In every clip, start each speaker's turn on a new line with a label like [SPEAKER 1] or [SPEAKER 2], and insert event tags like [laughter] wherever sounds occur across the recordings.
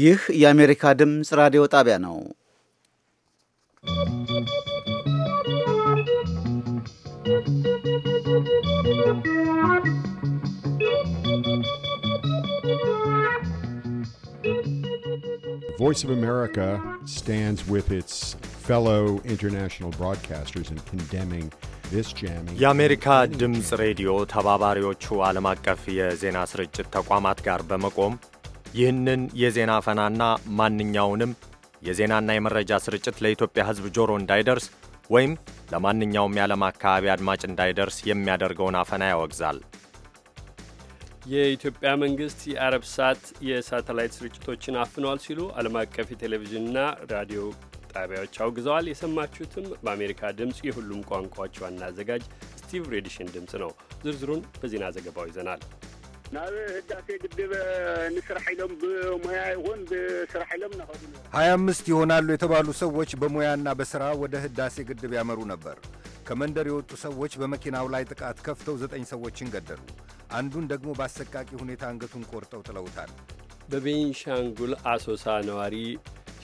[SPEAKER 1] ይህ የአሜሪካ ድምፅ ራዲዮ ጣቢያ ነው።
[SPEAKER 2] ቮይስ ኦፍ አሜሪካ ስታንድስ ዊዝ ኢትስ ፌሎ ኢንተርናሽናል ብሮድካስተርስ ኢን ኮንደሚንግ የአሜሪካ
[SPEAKER 3] ድምፅ ሬዲዮ ተባባሪዎቹ ዓለም አቀፍ የዜና ስርጭት ተቋማት ጋር በመቆም ይህንን የዜና ፈናና ማንኛውንም የዜናና የመረጃ ስርጭት ለኢትዮጵያ ሕዝብ ጆሮ እንዳይደርስ ወይም ለማንኛውም የዓለም አካባቢ አድማጭ እንዳይደርስ የሚያደርገውን አፈና ያወግዛል።
[SPEAKER 4] የኢትዮጵያ መንግስት የአረብ ሳት የሳተላይት ስርጭቶችን አፍኗል ሲሉ ዓለም አቀፍ የቴሌቪዥንና ራዲዮ ጣቢያዎች አውግዘዋል። የሰማችሁትም በአሜሪካ ድምፅ የሁሉም ቋንቋዎች ዋና አዘጋጅ ስቲቭ ሬዲሽን ድምፅ ነው። ዝርዝሩን በዜና ዘገባው ይዘናል።
[SPEAKER 5] ናብ ህዳሴ ግድብ ንስራሕ ኢሎም ብሙያ ይኹን ብስራሕ ኢሎም ናኸዱ
[SPEAKER 6] ሀያ አምስት ይሆናሉ የተባሉ ሰዎች በሙያና በስራ ወደ ህዳሴ ግድብ ያመሩ ነበር። ከመንደር የወጡ ሰዎች በመኪናው ላይ ጥቃት ከፍተው ዘጠኝ ሰዎችን ገደሉ። አንዱን ደግሞ በአሰቃቂ ሁኔታ አንገቱን ቆርጠው ጥለውታል።
[SPEAKER 4] በቤንሻንጉል አሶሳ ነዋሪ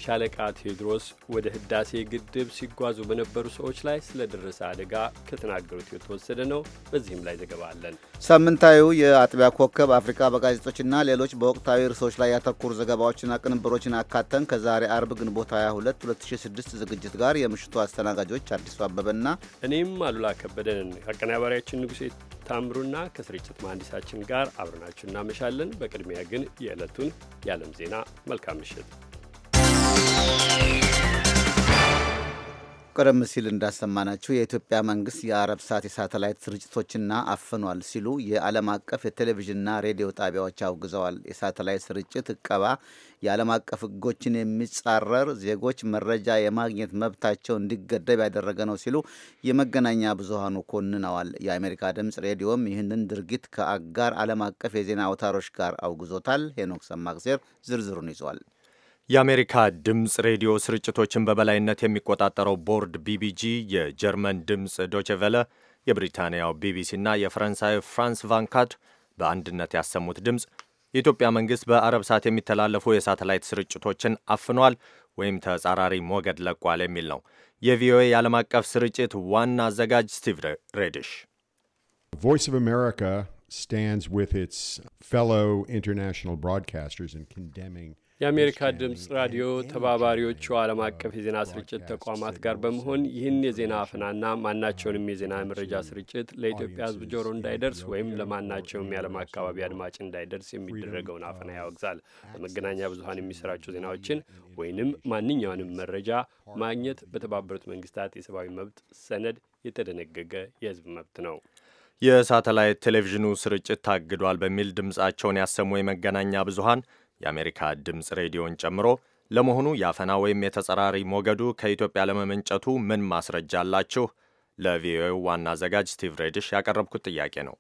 [SPEAKER 4] ሻለቃ ቴዎድሮስ ወደ ህዳሴ ግድብ ሲጓዙ በነበሩ ሰዎች ላይ ስለደረሰ አደጋ ከተናገሩት የተወሰደ ነው። በዚህም ላይ ዘገባ አለን።
[SPEAKER 1] ሳምንታዊው የአጥቢያ ኮከብ አፍሪካ በጋዜጦችና ሌሎች በወቅታዊ ርዕሶች ላይ ያተኩሩ ዘገባዎችና ቅንብሮችን አካተን ከዛሬ አርብ ግንቦት 22 2006 ዝግጅት ጋር የምሽቱ አስተናጋጆች አዲሱ አበበና
[SPEAKER 4] እኔም አሉላ ከበደን አቀናባሪያችን ንጉሴ ታምሩና ከስርጭት መሐንዲሳችን ጋር አብረናችሁ እናመሻለን። በቅድሚያ ግን የዕለቱን የዓለም ዜና። መልካም ምሽት።
[SPEAKER 1] ቀደም ሲል እንዳሰማናችሁ የኢትዮጵያ መንግስት የአረብ ሰዓት የሳተላይት ስርጭቶችና አፍኗል ሲሉ የዓለም አቀፍ የቴሌቪዥንና ሬዲዮ ጣቢያዎች አውግዘዋል። የሳተላይት ስርጭት እቀባ የዓለም አቀፍ ሕጎችን የሚጻረር ዜጎች መረጃ የማግኘት መብታቸው እንዲገደብ ያደረገ ነው ሲሉ የመገናኛ ብዙሃኑ ኮንነዋል። የአሜሪካ ድምፅ ሬዲዮም ይህንን ድርጊት ከአጋር ዓለም አቀፍ የዜና አውታሮች ጋር አውግዞታል። ሄኖክ ሰማግዜር ዝርዝሩን ይዟል።
[SPEAKER 3] የአሜሪካ ድምፅ ሬዲዮ ስርጭቶችን በበላይነት የሚቆጣጠረው ቦርድ ቢቢጂ፣ የጀርመን ድምፅ ዶችቨለ፣ የብሪታንያው እና የፈረንሳይ ፍራንስ ቫንካት በአንድነት ያሰሙት ድምፅ የኢትዮጵያ መንግሥት በአረብ ሰዓት የሚተላለፉ የሳተላይት ስርጭቶችን አፍኗል ወይም ተጻራሪ ሞገድ ለቋል የሚል ነው። የቪኦኤ የዓለም አቀፍ ስርጭት ዋና አዘጋጅ ስቲቭ ሬዲሽ
[SPEAKER 2] ቮይስ ኦፍ አሜሪካ stands with its fellow
[SPEAKER 4] የአሜሪካ ድምፅ ራዲዮ ተባባሪዎቹ ዓለም አቀፍ የዜና ስርጭት ተቋማት ጋር በመሆን ይህን የዜና አፍናና ማናቸውንም የዜና መረጃ ስርጭት ለኢትዮጵያ ሕዝብ ጆሮ እንዳይደርስ ወይም ለማናቸውም የዓለም አካባቢ አድማጭ እንዳይደርስ የሚደረገውን አፍና ያወግዛል። በመገናኛ ብዙኃን የሚሰራጩ ዜናዎችን ወይንም ማንኛውንም መረጃ ማግኘት በተባበሩት መንግስታት የሰብአዊ መብት ሰነድ የተደነገገ የሕዝብ መብት ነው።
[SPEAKER 3] የሳተላይት ቴሌቪዥኑ ስርጭት ታግዷል በሚል ድምፃቸውን ያሰሙ የመገናኛ ብዙኃን የአሜሪካ ድምፅ ሬዲዮን ጨምሮ ለመሆኑ የአፈና ወይም የተጸራሪ ሞገዱ ከኢትዮጵያ ለመመንጨቱ ምን ማስረጃ አላችሁ? ለቪኦኤው ዋና አዘጋጅ ስቲቭ ሬድሽ ያቀረብኩት ጥያቄ ነው።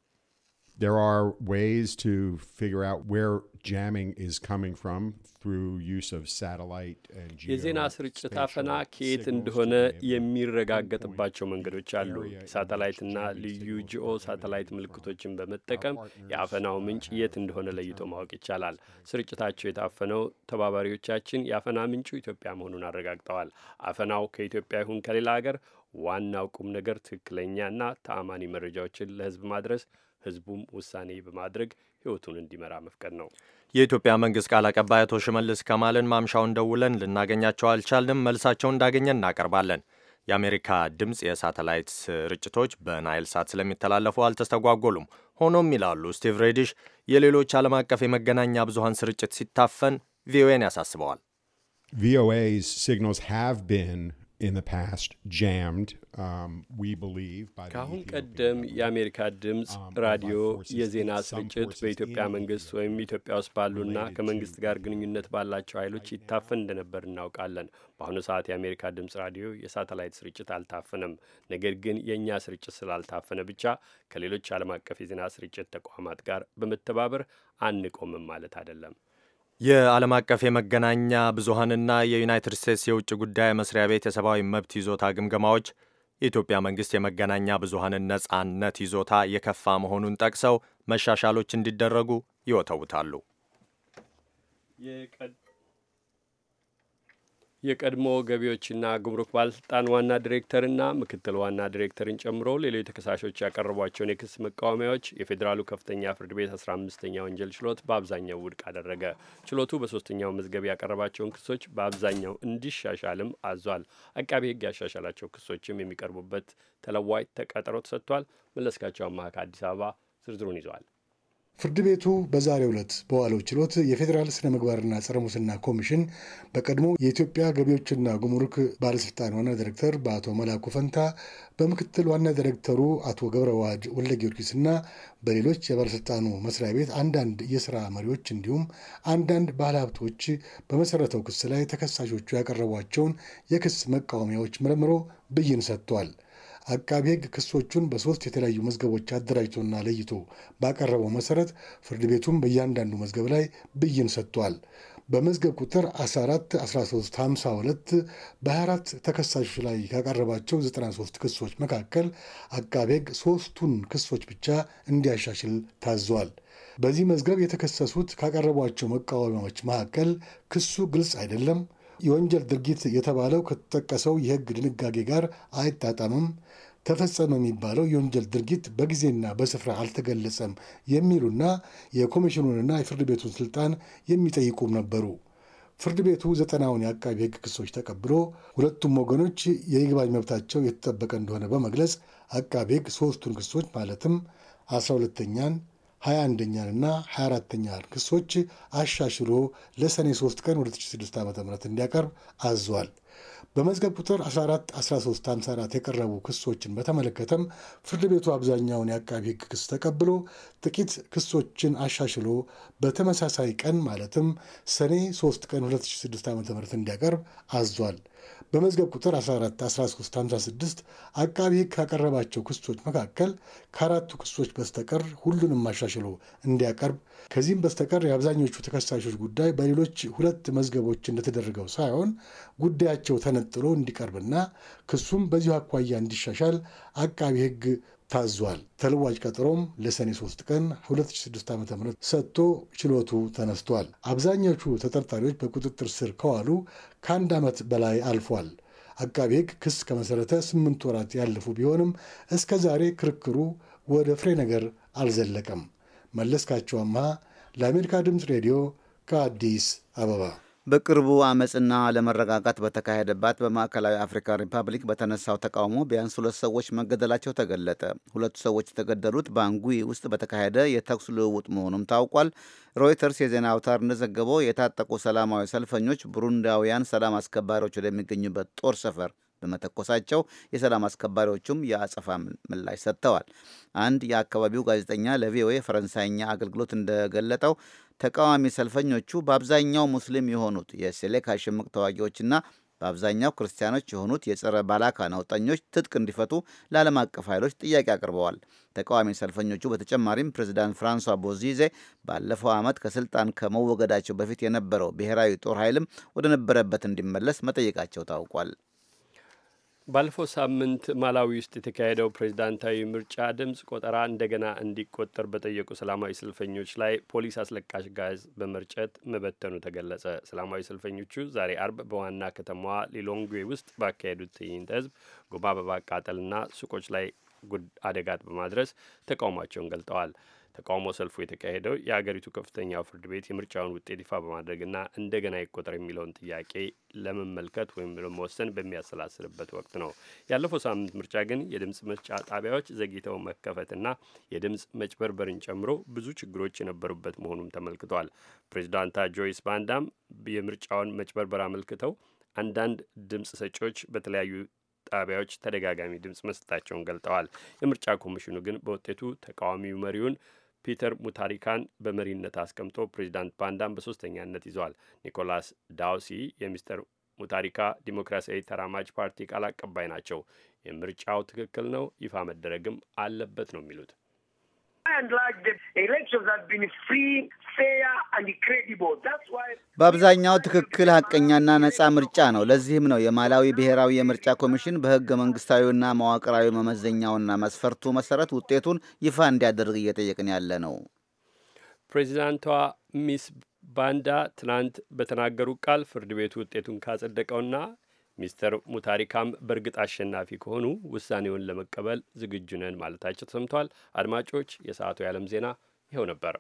[SPEAKER 2] There are ways to figure out where jamming is coming from through use of satellite and የዜና
[SPEAKER 3] ስርጭት አፈና ከየት
[SPEAKER 4] እንደሆነ የሚረጋገጥባቸው መንገዶች አሉ። ሳተላይትና ልዩ ጂኦ ሳተላይት ምልክቶችን በመጠቀም የአፈናው ምንጭ የት እንደሆነ ለይቶ ማወቅ ይቻላል። ስርጭታቸው የታፈነው ተባባሪዎቻችን የአፈና ምንጩ ኢትዮጵያ መሆኑን አረጋግጠዋል። አፈናው ከኢትዮጵያ ይሁን ከሌላ ሀገር ዋናው ቁም ነገር ትክክለኛና ተአማኒ መረጃዎችን ለሕዝብ ማድረስ ህዝቡም ውሳኔ በማድረግ ህይወቱን እንዲመራ መፍቀድ ነው።
[SPEAKER 3] የኢትዮጵያ መንግስት ቃል አቀባይ አቶ ሽመልስ ከማልን ማምሻውን ደውለን ልናገኛቸው አልቻልንም። መልሳቸውን እንዳገኘን እናቀርባለን። የአሜሪካ ድምፅ የሳተላይት ስርጭቶች በናይል ሳት ስለሚተላለፉ አልተስተጓጎሉም። ሆኖም ይላሉ ስቲቭ ሬዲሽ፣ የሌሎች ዓለም አቀፍ የመገናኛ ብዙሀን ስርጭት ሲታፈን ቪኦኤን ያሳስበዋል።
[SPEAKER 2] ቪኦኤስ ሲግናልስ ሃቭ ቢን
[SPEAKER 3] ከአሁን ቀደም የአሜሪካ
[SPEAKER 4] ድምፅ um, ራዲዮ የዜና ስርጭት በኢትዮጵያ መንግስት ወይም ኢትዮጵያ ውስጥ ባሉና ከመንግስት ጋር ግንኙነት ባላቸው ኃይሎች ይታፈን እንደነበር እናውቃለን። በአሁኑ ሰዓት የአሜሪካ ድምፅ ራዲዮ የሳተላይት ስርጭት አልታፈነም። ነገር ግን የእኛ ስርጭት ስላልታፈነ ብቻ ከሌሎች ዓለም አቀፍ የዜና ስርጭት ተቋማት ጋር በመተባበር አንቆምም ማለት አይደለም።
[SPEAKER 3] የዓለም አቀፍ የመገናኛ ብዙሃንና የዩናይትድ ስቴትስ የውጭ ጉዳይ መስሪያ ቤት የሰብአዊ መብት ይዞታ ግምገማዎች የኢትዮጵያ መንግሥት የመገናኛ ብዙሀንን ነጻነት ይዞታ የከፋ መሆኑን ጠቅሰው መሻሻሎች እንዲደረጉ ይወተውታሉ።
[SPEAKER 4] የቀድሞ ገቢዎችና ጉምሩክ ባለስልጣን ዋና ዲሬክተርና ምክትል ዋና ዲሬክተርን ጨምሮ ሌሎች ተከሳሾች ያቀረቧቸውን የክስ መቃወሚያዎች የፌዴራሉ ከፍተኛ ፍርድ ቤት 15ኛ ወንጀል ችሎት በአብዛኛው ውድቅ አደረገ። ችሎቱ በሶስተኛው መዝገብ ያቀረባቸውን ክሶች በአብዛኛው እንዲሻሻልም አዟል። አቃቤ ሕግ ያሻሻላቸው ክሶችም የሚቀርቡበት ተለዋጭ ተቀጠሮ ተሰጥቷል። መለስካቸው አማካ ከአዲስ አበባ ዝርዝሩን ይዘዋል።
[SPEAKER 7] ፍርድ ቤቱ በዛሬ ዕለት በዋለው ችሎት የፌዴራል ስነ ምግባርና ጸረ ሙስና ኮሚሽን በቀድሞ የኢትዮጵያ ገቢዎችና ጉምሩክ ባለስልጣን ዋና ዳይሬክተር በአቶ መላኩ ፈንታ በምክትል ዋና ዳይሬክተሩ አቶ ገብረ ወለ ወልደ ጊዮርጊስና በሌሎች የባለስልጣኑ መስሪያ ቤት አንዳንድ የስራ መሪዎች እንዲሁም አንዳንድ ባለሀብቶች በመሰረተው ክስ ላይ ተከሳሾቹ ያቀረቧቸውን የክስ መቃወሚያዎች መርምሮ ብይን ሰጥቷል። አቃቢ ሕግ ክሶቹን በሶስት የተለያዩ መዝገቦች አደራጅቶና ለይቶ ባቀረበው መሰረት ፍርድ ቤቱም በእያንዳንዱ መዝገብ ላይ ብይን ሰጥቷል። በመዝገብ ቁጥር 14 በ24 ተከሳሾች ላይ ካቀረባቸው 93 ክሶች መካከል አቃቤ ሕግ ሦስቱን ክሶች ብቻ እንዲያሻሽል ታዟል። በዚህ መዝገብ የተከሰሱት ካቀረቧቸው መቃወሚያዎች መካከል ክሱ ግልጽ አይደለም፣ የወንጀል ድርጊት የተባለው ከተጠቀሰው የሕግ ድንጋጌ ጋር አይጣጣምም ተፈጸመ የሚባለው የወንጀል ድርጊት በጊዜና በስፍራ አልተገለጸም የሚሉና የኮሚሽኑንና የፍርድ ቤቱን ስልጣን የሚጠይቁም ነበሩ። ፍርድ ቤቱ ዘጠናውን የአቃቢ ሕግ ክሶች ተቀብሎ ሁለቱም ወገኖች የይግባኝ መብታቸው የተጠበቀ እንደሆነ በመግለጽ አቃቢ ሕግ ሶስቱን ክሶች ማለትም አስራ ሁለተኛን ሀያ አንደኛንና ሀያ አራተኛን ክሶች አሻሽሎ ለሰኔ ሶስት ቀን 2006 ዓ ም እንዲያቀርብ አዟል። በመዝገብ ቁጥር 141354 የቀረቡ ክሶችን በተመለከተም ፍርድ ቤቱ አብዛኛውን የአቃቢ ሕግ ክስ ተቀብሎ ጥቂት ክሶችን አሻሽሎ በተመሳሳይ ቀን ማለትም ሰኔ 3 ቀን 2006 ዓ ም እንዲያቀርብ አዟል። በመዝገብ ቁጥር 14 13 56 አቃቢ ህግ ካቀረባቸው ክሶች መካከል ከአራቱ ክሶች በስተቀር ሁሉንም አሻሽሎ እንዲያቀርብ ከዚህም በስተቀር የአብዛኞቹ ተከሳሾች ጉዳይ በሌሎች ሁለት መዝገቦች እንደተደረገው ሳይሆን ጉዳያቸው ተነጥሎ እንዲቀርብና ክሱም በዚሁ አኳያ እንዲሻሻል አቃቢ ህግ። ታዟል። ተለዋጭ ቀጠሮም ለሰኔ 3 ቀን 2006 ዓ ም ሰጥቶ ችሎቱ ተነስቷል። አብዛኞቹ ተጠርጣሪዎች በቁጥጥር ስር ከዋሉ ከአንድ ዓመት በላይ አልፏል። አቃቤ ሕግ ክስ ከመሠረተ ስምንት ወራት ያለፉ ቢሆንም እስከ ዛሬ ክርክሩ ወደ ፍሬ ነገር አልዘለቀም። መለስካቸው አምሃ ለአሜሪካ ድምፅ ሬዲዮ ከአዲስ አበባ
[SPEAKER 1] በቅርቡ አመፅና አለመረጋጋት በተካሄደባት በማዕከላዊ አፍሪካ ሪፐብሊክ በተነሳው ተቃውሞ ቢያንስ ሁለት ሰዎች መገደላቸው ተገለጠ። ሁለቱ ሰዎች የተገደሉት ባንጉይ ውስጥ በተካሄደ የተኩስ ልውውጥ መሆኑም ታውቋል። ሮይተርስ የዜና አውታር እንደዘገበው የታጠቁ ሰላማዊ ሰልፈኞች ቡሩንዳውያን ሰላም አስከባሪዎች ወደሚገኙበት ጦር ሰፈር በመተኮሳቸው የሰላም አስከባሪዎቹም የአጸፋ ምላሽ ሰጥተዋል። አንድ የአካባቢው ጋዜጠኛ ለቪኦኤ ፈረንሳይኛ አገልግሎት እንደገለጠው ተቃዋሚ ሰልፈኞቹ በአብዛኛው ሙስሊም የሆኑት የሴሌካ ሽምቅ ተዋጊዎችና በአብዛኛው ክርስቲያኖች የሆኑት የጸረ ባላካ ነውጠኞች ትጥቅ እንዲፈቱ ለዓለም አቀፍ ኃይሎች ጥያቄ አቅርበዋል። ተቃዋሚ ሰልፈኞቹ በተጨማሪም ፕሬዚዳንት ፍራንሷ ቦዚዜ ባለፈው ዓመት ከስልጣን ከመወገዳቸው በፊት የነበረው ብሔራዊ ጦር ኃይልም ወደ ነበረበት እንዲመለስ መጠየቃቸው ታውቋል።
[SPEAKER 4] ባለፈው ሳምንት ማላዊ ውስጥ የተካሄደው ፕሬዚዳንታዊ ምርጫ ድምፅ ቆጠራ እንደገና እንዲቆጠር በጠየቁ ሰላማዊ ሰልፈኞች ላይ ፖሊስ አስለቃሽ ጋዝ በመርጨት መበተኑ ተገለጸ። ሰላማዊ ሰልፈኞቹ ዛሬ አርብ በዋና ከተማዋ ሊሎንግዌ ውስጥ ባካሄዱት ትዕይንተ ህዝብ ጎማ በማቃጠልና ሱቆች ላይ አደጋት በማድረስ ተቃውሟቸውን ገልጠዋል። ተቃውሞ ሰልፉ የተካሄደው የአገሪቱ ከፍተኛው ፍርድ ቤት የምርጫውን ውጤት ይፋ በማድረግና እንደገና ይቆጠር የሚለውን ጥያቄ ለመመልከት ወይም ለመወሰን በሚያሰላስልበት ወቅት ነው። ያለፈው ሳምንት ምርጫ ግን የድምፅ መስጫ ጣቢያዎች ዘግይተው መከፈትና የድምፅ መጭበርበርን ጨምሮ ብዙ ችግሮች የነበሩበት መሆኑም ተመልክቷል። ፕሬዚዳንታ ጆይስ ባንዳም የምርጫውን መጭበርበር አመልክተው አንዳንድ ድምፅ ሰጪዎች በተለያዩ ጣቢያዎች ተደጋጋሚ ድምፅ መስጠታቸውን ገልጠዋል። የምርጫ ኮሚሽኑ ግን በውጤቱ ተቃዋሚው መሪውን ፒተር ሙታሪካን በመሪነት አስቀምጦ ፕሬዚዳንት ባንዳን በሶስተኛነት ይዟል። ኒኮላስ ዳውሲ የሚስተር ሙታሪካ ዲሞክራሲያዊ ተራማጅ ፓርቲ ቃል አቀባይ ናቸው። የምርጫው ትክክል ነው፣ ይፋ መደረግም አለበት ነው የሚሉት
[SPEAKER 1] በአብዛኛው ትክክል፣ ሀቀኛና ነጻ ምርጫ ነው። ለዚህም ነው የማላዊ ብሔራዊ የምርጫ ኮሚሽን በህገ መንግስታዊና መዋቅራዊ መመዘኛውና መስፈርቱ መሰረት ውጤቱን ይፋ እንዲያደርግ እየጠየቅን ያለ ነው።
[SPEAKER 4] ፕሬዚዳንቷ ሚስ ባንዳ ትናንት በተናገሩት ቃል ፍርድ ቤቱ ውጤቱን ካጸደቀውና ሚስተር ሙታሪካም በእርግጥ አሸናፊ ከሆኑ ውሳኔውን ለመቀበል ዝግጁ ነን ማለታቸው ተሰምቷል። አድማጮች፣ የሰዓቱ የዓለም ዜና ይኸው ነበር።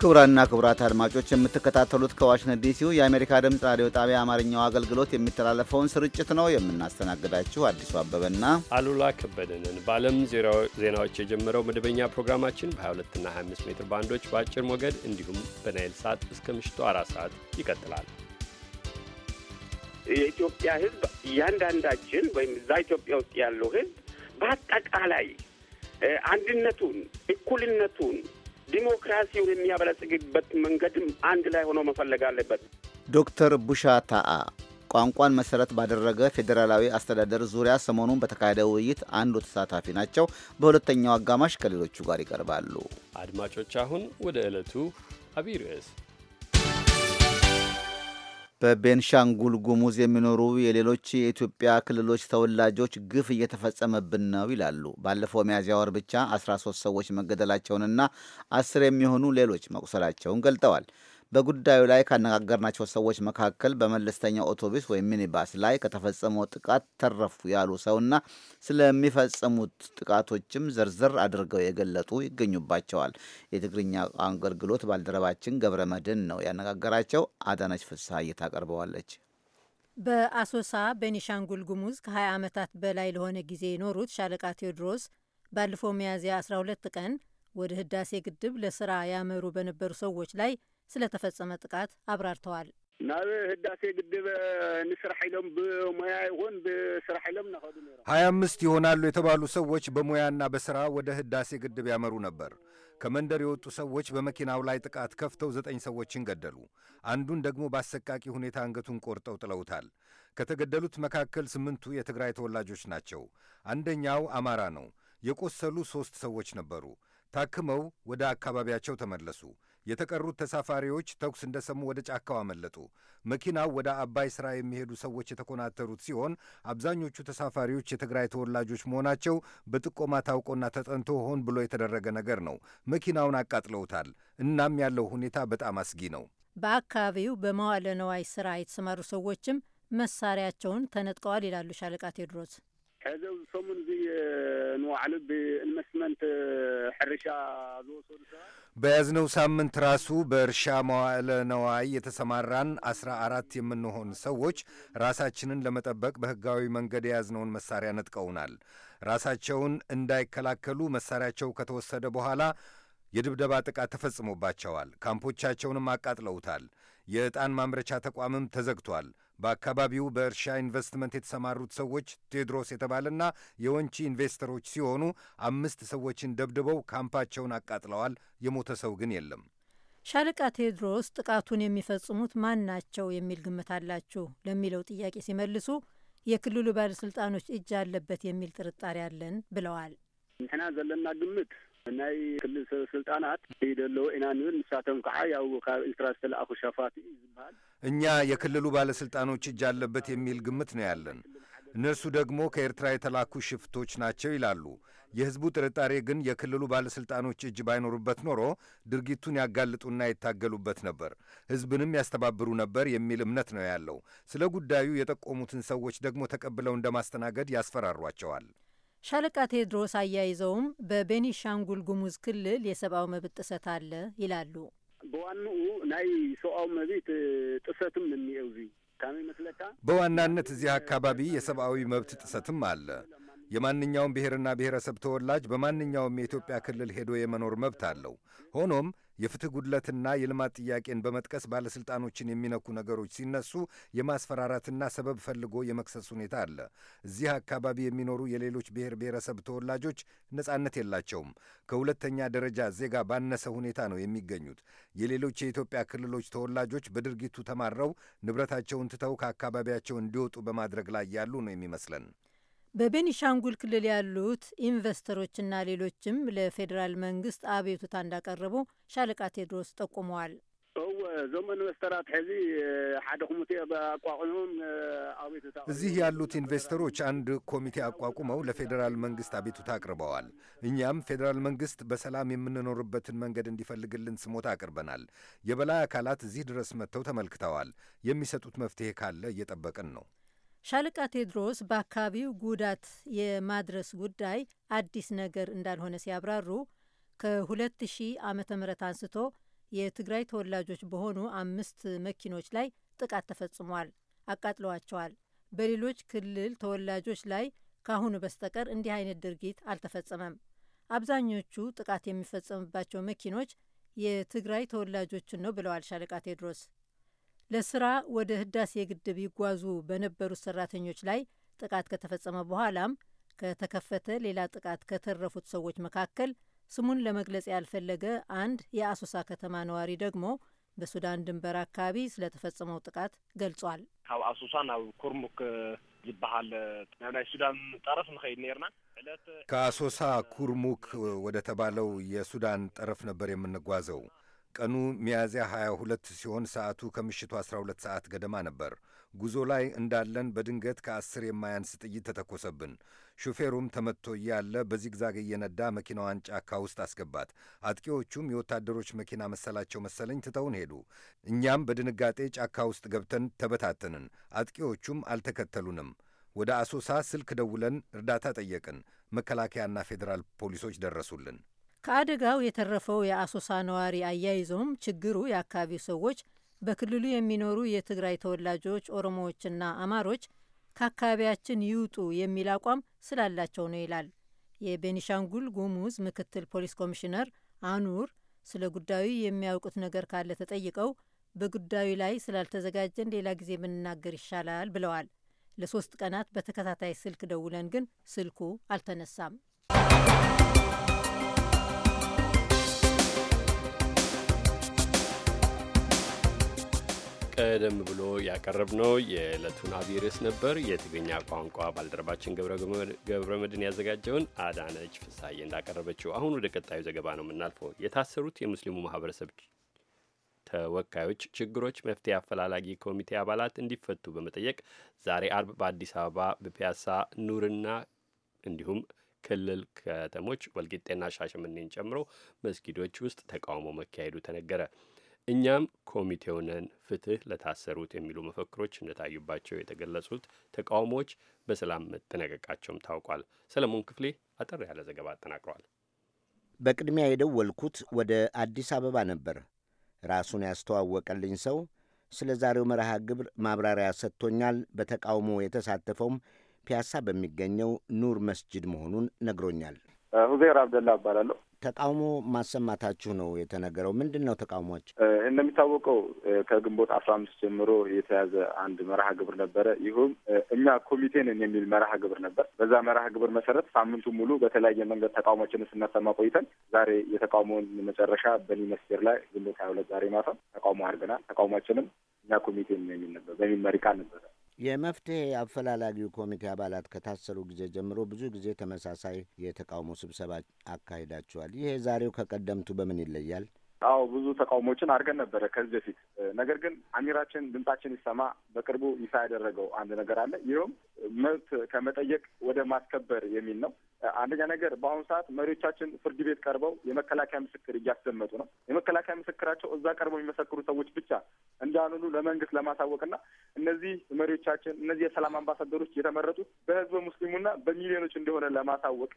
[SPEAKER 1] ክቡራና ክቡራት አድማጮች የምትከታተሉት ከዋሽንግተን ዲሲው የአሜሪካ ድምፅ ራዲዮ ጣቢያ አማርኛው አገልግሎት የሚተላለፈውን ስርጭት ነው። የምናስተናግዳችሁ አዲሱ አበበና
[SPEAKER 4] አሉላ ከበደንን። በዓለም ዜናዎች የጀመረው መደበኛ ፕሮግራማችን በ 22 እና 25 ሜትር ባንዶች በአጭር ሞገድ እንዲሁም በናይል ሰዓት እስከ ምሽቱ አራት ሰዓት ይቀጥላል።
[SPEAKER 8] የኢትዮጵያ ሕዝብ እያንዳንዳችን ወይም እዛ ኢትዮጵያ ውስጥ ያለው ሕዝብ በአጠቃላይ አንድነቱን፣ እኩልነቱን ዲሞክራሲውን የሚያበለጽግበት መንገድም አንድ ላይ ሆኖ መፈለግ አለበት።
[SPEAKER 1] ዶክተር ቡሻ ታአ ቋንቋን መሰረት ባደረገ ፌዴራላዊ አስተዳደር ዙሪያ ሰሞኑን በተካሄደ ውይይት አንዱ ተሳታፊ ናቸው። በሁለተኛው አጋማሽ ከሌሎቹ ጋር ይቀርባሉ።
[SPEAKER 4] አድማጮች፣ አሁን ወደ ዕለቱ አብይ ርዕስ
[SPEAKER 1] በቤንሻንጉል ጉሙዝ የሚኖሩ የሌሎች የኢትዮጵያ ክልሎች ተወላጆች ግፍ እየተፈጸመብን ነው ይላሉ። ባለፈው ሚያዝያ ወር ብቻ 13 ሰዎች መገደላቸውንና አስር የሚሆኑ ሌሎች መቁሰላቸውን ገልጠዋል። በጉዳዩ ላይ ካነጋገርናቸው ሰዎች መካከል በመለስተኛው ኦቶቡስ ወይም ሚኒባስ ላይ ከተፈጸመው ጥቃት ተረፉ ያሉ ሰውና ስለሚፈጸሙት ጥቃቶችም ዝርዝር አድርገው የገለጡ ይገኙባቸዋል። የትግርኛ አገልግሎት ባልደረባችን ገብረ መድን ነው ያነጋገራቸው። አዳነች ፍሳ እየታቀርበዋለች።
[SPEAKER 9] በአሶሳ ቤኒሻንጉል ጉሙዝ ከ20 ዓመታት በላይ ለሆነ ጊዜ የኖሩት ሻለቃ ቴዎድሮስ ባለፈው ሚያዝያ 12 ቀን ወደ ህዳሴ ግድብ ለስራ ያመሩ በነበሩ ሰዎች ላይ ስለተፈጸመ ጥቃት አብራርተዋል።
[SPEAKER 5] ናብ ህዳሴ ግድብ ንስራሕ ኢሎም ብሞያ ይኹን ብስራሕ ኢሎም ናኸዱ
[SPEAKER 9] ነይሮም። ሀያ
[SPEAKER 6] አምስት ይሆናሉ የተባሉ ሰዎች በሙያና በስራ ወደ ህዳሴ ግድብ ያመሩ ነበር። ከመንደር የወጡ ሰዎች በመኪናው ላይ ጥቃት ከፍተው ዘጠኝ ሰዎችን ገደሉ። አንዱን ደግሞ በአሰቃቂ ሁኔታ አንገቱን ቆርጠው ጥለውታል። ከተገደሉት መካከል ስምንቱ የትግራይ ተወላጆች ናቸው። አንደኛው አማራ ነው። የቆሰሉ ሦስት ሰዎች ነበሩ። ታክመው ወደ አካባቢያቸው ተመለሱ። የተቀሩት ተሳፋሪዎች ተኩስ እንደሰሙ ወደ ጫካው አመለጡ። መኪናው ወደ አባይ ሥራ የሚሄዱ ሰዎች የተኮናተሩት ሲሆን አብዛኞቹ ተሳፋሪዎች የትግራይ ተወላጆች መሆናቸው በጥቆማ ታውቆና ተጠንቶ ሆን ብሎ የተደረገ ነገር ነው። መኪናውን አቃጥለውታል። እናም ያለው ሁኔታ በጣም አስጊ ነው።
[SPEAKER 9] በአካባቢው በመዋለ ነዋይ ስራ የተሰማሩ ሰዎችም መሳሪያቸውን ተነጥቀዋል ይላሉ ሻለቃ ቴድሮስ።
[SPEAKER 6] በያዝነው ሳምንት ራሱ በእርሻ መዋዕለ ነዋይ የተሰማራን አስራ አራት የምንሆን ሰዎች ራሳችንን ለመጠበቅ በሕጋዊ መንገድ የያዝነውን መሳሪያ ነጥቀውናል። ራሳቸውን እንዳይከላከሉ መሳሪያቸው ከተወሰደ በኋላ የድብደባ ጥቃት ተፈጽሞባቸዋል። ካምፖቻቸውንም አቃጥለውታል። የዕጣን ማምረቻ ተቋምም ተዘግቷል። በአካባቢው በእርሻ ኢንቨስትመንት የተሰማሩት ሰዎች ቴድሮስ የተባለና የወንጪ ኢንቨስተሮች ሲሆኑ አምስት ሰዎችን ደብድበው ካምፓቸውን አቃጥለዋል። የሞተ ሰው ግን የለም።
[SPEAKER 9] ሻለቃ ቴድሮስ ጥቃቱን የሚፈጽሙት ማን ናቸው የሚል ግምት አላችሁ ለሚለው ጥያቄ ሲመልሱ የክልሉ ባለስልጣኖች እጅ አለበት የሚል ጥርጣሬ አለን ብለዋል።
[SPEAKER 5] እንትና ዘለና ግምት ናይ ክልል ስልጣናት ደሎ ኢና ንብል ንሳቶም ከዓ ያው ካብ ኤርትራ ዝተለኣኹ ሸፋት እዩ ዝበሃል
[SPEAKER 6] እኛ የክልሉ ባለስልጣኖች እጅ አለበት የሚል ግምት ነው ያለን። እነርሱ ደግሞ ከኤርትራ የተላኩ ሽፍቶች ናቸው ይላሉ። የህዝቡ ጥርጣሬ ግን የክልሉ ባለስልጣኖች እጅ ባይኖሩበት ኖሮ ድርጊቱን ያጋልጡና ይታገሉበት ነበር፣ ህዝብንም ያስተባብሩ ነበር የሚል እምነት ነው ያለው። ስለ ጉዳዩ የጠቆሙትን ሰዎች ደግሞ ተቀብለው እንደማስተናገድ ያስፈራሯቸዋል።
[SPEAKER 9] ሻለቃ ቴድሮስ አያይዘውም በቤኒሻንጉል ጉሙዝ ክልል የሰብአዊ መብት ጥሰት አለ ይላሉ።
[SPEAKER 5] በዋንኡ ናይ ሰብአዊ መብት ጥሰትም እኒኤው ዙ
[SPEAKER 6] በዋናነት እዚህ አካባቢ የሰብአዊ መብት ጥሰትም አለ የማንኛውም ብሔርና ብሔረሰብ ተወላጅ በማንኛውም የኢትዮጵያ ክልል ሄዶ የመኖር መብት አለው። ሆኖም የፍትህ ጉድለትና የልማት ጥያቄን በመጥቀስ ባለሥልጣኖችን የሚነኩ ነገሮች ሲነሱ የማስፈራራትና ሰበብ ፈልጎ የመክሰስ ሁኔታ አለ። እዚህ አካባቢ የሚኖሩ የሌሎች ብሔር ብሔረሰብ ተወላጆች ነጻነት የላቸውም። ከሁለተኛ ደረጃ ዜጋ ባነሰ ሁኔታ ነው የሚገኙት። የሌሎች የኢትዮጵያ ክልሎች ተወላጆች በድርጊቱ ተማረው ንብረታቸውን ትተው ከአካባቢያቸው እንዲወጡ በማድረግ ላይ ያሉ ነው የሚመስለን።
[SPEAKER 9] በቤኒሻንጉል ክልል ያሉት ኢንቨስተሮችና ሌሎችም ለፌዴራል መንግስት አቤቱታ እንዳቀረቡ ሻለቃ ቴድሮስ ጠቁመዋል።
[SPEAKER 5] እዞም ኢንቨስተራት ሕዚ ሓደ ኮሚቴ ኣቋቁሞም ኣቤቱታ
[SPEAKER 6] እዚህ ያሉት ኢንቨስተሮች አንድ ኮሚቴ አቋቁመው ለፌዴራል መንግስት አቤቱታ አቅርበዋል። እኛም ፌዴራል መንግስት በሰላም የምንኖርበትን መንገድ እንዲፈልግልን ስሞታ አቅርበናል። የበላይ አካላት እዚህ ድረስ መጥተው ተመልክተዋል። የሚሰጡት መፍትሄ ካለ እየጠበቅን ነው።
[SPEAKER 9] ሻለቃ ቴድሮስ በአካባቢው ጉዳት የማድረስ ጉዳይ አዲስ ነገር እንዳልሆነ ሲያብራሩ ከ2000 ዓ ም አንስቶ የትግራይ ተወላጆች በሆኑ አምስት መኪኖች ላይ ጥቃት ተፈጽሟል፣ አቃጥለዋቸዋል። በሌሎች ክልል ተወላጆች ላይ ካሁኑ በስተቀር እንዲህ አይነት ድርጊት አልተፈጸመም። አብዛኞቹ ጥቃት የሚፈጸምባቸው መኪኖች የትግራይ ተወላጆችን ነው ብለዋል ሻለቃ ቴድሮስ። ለስራ ወደ ህዳሴ ግድብ ይጓዙ በነበሩት ሰራተኞች ላይ ጥቃት ከተፈጸመ በኋላም ከተከፈተ ሌላ ጥቃት ከተረፉት ሰዎች መካከል ስሙን ለመግለጽ ያልፈለገ አንድ የአሶሳ ከተማ ነዋሪ ደግሞ በሱዳን ድንበር አካባቢ ስለተፈጸመው ጥቃት ገልጿል።
[SPEAKER 10] ካብ አሶሳ ናብ ኩርሙክ ዝበሃል ናብ ናይ ሱዳን ጠረፍ ንኸይድ ነርና
[SPEAKER 6] ከአሶሳ ኩርሙክ ወደ ተባለው የሱዳን ጠረፍ ነበር የምንጓዘው። ቀኑ ሚያዝያ 22 ሲሆን ሰዓቱ ከምሽቱ 12 ሰዓት ገደማ ነበር። ጉዞ ላይ እንዳለን በድንገት ከአስር የማያንስ ጥይት ተተኮሰብን። ሹፌሩም ተመትቶ እያለ በዚግዛግ እየነዳ መኪናዋን ጫካ ውስጥ አስገባት። አጥቂዎቹም የወታደሮች መኪና መሰላቸው መሰለኝ ትተውን ሄዱ። እኛም በድንጋጤ ጫካ ውስጥ ገብተን ተበታተንን። አጥቂዎቹም አልተከተሉንም። ወደ አሶሳ ስልክ ደውለን እርዳታ ጠየቅን። መከላከያና ፌዴራል ፖሊሶች ደረሱልን።
[SPEAKER 9] ከአደጋው የተረፈው የአሶሳ ነዋሪ አያይዘውም ችግሩ የአካባቢው ሰዎች በክልሉ የሚኖሩ የትግራይ ተወላጆች ኦሮሞዎችና አማሮች ከአካባቢያችን ይውጡ የሚል አቋም ስላላቸው ነው ይላል። የቤኒሻንጉል ጉሙዝ ምክትል ፖሊስ ኮሚሽነር አኑር ስለ ጉዳዩ የሚያውቁት ነገር ካለ ተጠይቀው በጉዳዩ ላይ ስላልተዘጋጀን ሌላ ጊዜ ብንናገር ይሻላል ብለዋል። ለሶስት ቀናት በተከታታይ ስልክ ደውለን ግን ስልኩ አልተነሳም።
[SPEAKER 4] ቀደም ብሎ ያቀረብነው የዕለቱን አብይ ርዕስ ነበር። የትግርኛ ቋንቋ ባልደረባችን ገብረ መድን ያዘጋጀውን አዳነች ፍሳዬ እንዳቀረበችው። አሁን ወደ ቀጣዩ ዘገባ ነው የምናልፈው። የታሰሩት የሙስሊሙ ማህበረሰብ ተወካዮች ችግሮች መፍትሄ አፈላላጊ ኮሚቴ አባላት እንዲፈቱ በመጠየቅ ዛሬ አርብ በአዲስ አበባ በፒያሳ ኑርና እንዲሁም ክልል ከተሞች ወልቂጤና ሻሸመኔን ጨምሮ መስጊዶች ውስጥ ተቃውሞ መካሄዱ ተነገረ። እኛም ኮሚቴው ነን ፍትህ ለታሰሩት የሚሉ መፈክሮች እንደታዩባቸው የተገለጹት ተቃውሞዎች በሰላም መጠናቀቃቸውም ታውቋል። ሰለሞን ክፍሌ አጠር ያለ ዘገባ አጠናቅሯል።
[SPEAKER 11] በቅድሚያ የደወልኩት ወደ አዲስ አበባ ነበር። ራሱን ያስተዋወቀልኝ ሰው ስለ ዛሬው መርሃ ግብር ማብራሪያ ሰጥቶኛል። በተቃውሞ የተሳተፈውም ፒያሳ በሚገኘው ኑር መስጅድ መሆኑን ነግሮኛል።
[SPEAKER 10] ሁዜር አብደላ እባላለሁ።
[SPEAKER 11] ተቃውሞ ማሰማታችሁ ነው የተነገረው። ምንድን ነው ተቃውሟችሁ?
[SPEAKER 10] እንደሚታወቀው ከግንቦት አስራ አምስት ጀምሮ የተያዘ አንድ መርሃ ግብር ነበረ። ይሁም እኛ ኮሚቴንን የሚል መርሃ ግብር ነበር። በዛ መርሃ ግብር መሰረት ሳምንቱ ሙሉ በተለያየ መንገድ ተቃውሞችን ስናሰማ ቆይተን ዛሬ የተቃውሞውን መጨረሻ በኒ መስጊድ ላይ ግንቦት ሀያ ሁለት ዛሬ ማታ ተቃውሞ አድርገናል። ተቃውሟችንም እኛ ኮሚቴን የሚል ነበር በሚል መሪ ቃል ነበረ
[SPEAKER 11] የመፍትሄ አፈላላጊው ኮሚቴ አባላት ከታሰሩ ጊዜ ጀምሮ ብዙ ጊዜ ተመሳሳይ የተቃውሞ ስብሰባ አካሂዳችኋል። ይህ ዛሬው ከቀደምቱ በምን ይለያል?
[SPEAKER 10] አዎ ብዙ ተቃውሞችን አድርገን ነበረ ከዚህ በፊት። ነገር ግን አሚራችን ድምጻችን ይሰማ በቅርቡ ይፋ ያደረገው አንድ ነገር አለ። ይኸውም መብት ከመጠየቅ ወደ ማስከበር የሚል ነው። አንደኛ ነገር በአሁኑ ሰዓት መሪዎቻችን ፍርድ ቤት ቀርበው የመከላከያ ምስክር እያስደመጡ ነው። የመከላከያ ምስክራቸው እዛ ቀርበው የሚመሰክሩ ሰዎች ብቻ እንዳንሉ ለመንግስት ለማሳወቅና እነዚህ መሪዎቻችን እነዚህ የሰላም አምባሳደሮች የተመረጡት በህዝበ ሙስሊሙና በሚሊዮኖች እንደሆነ ለማሳወቅ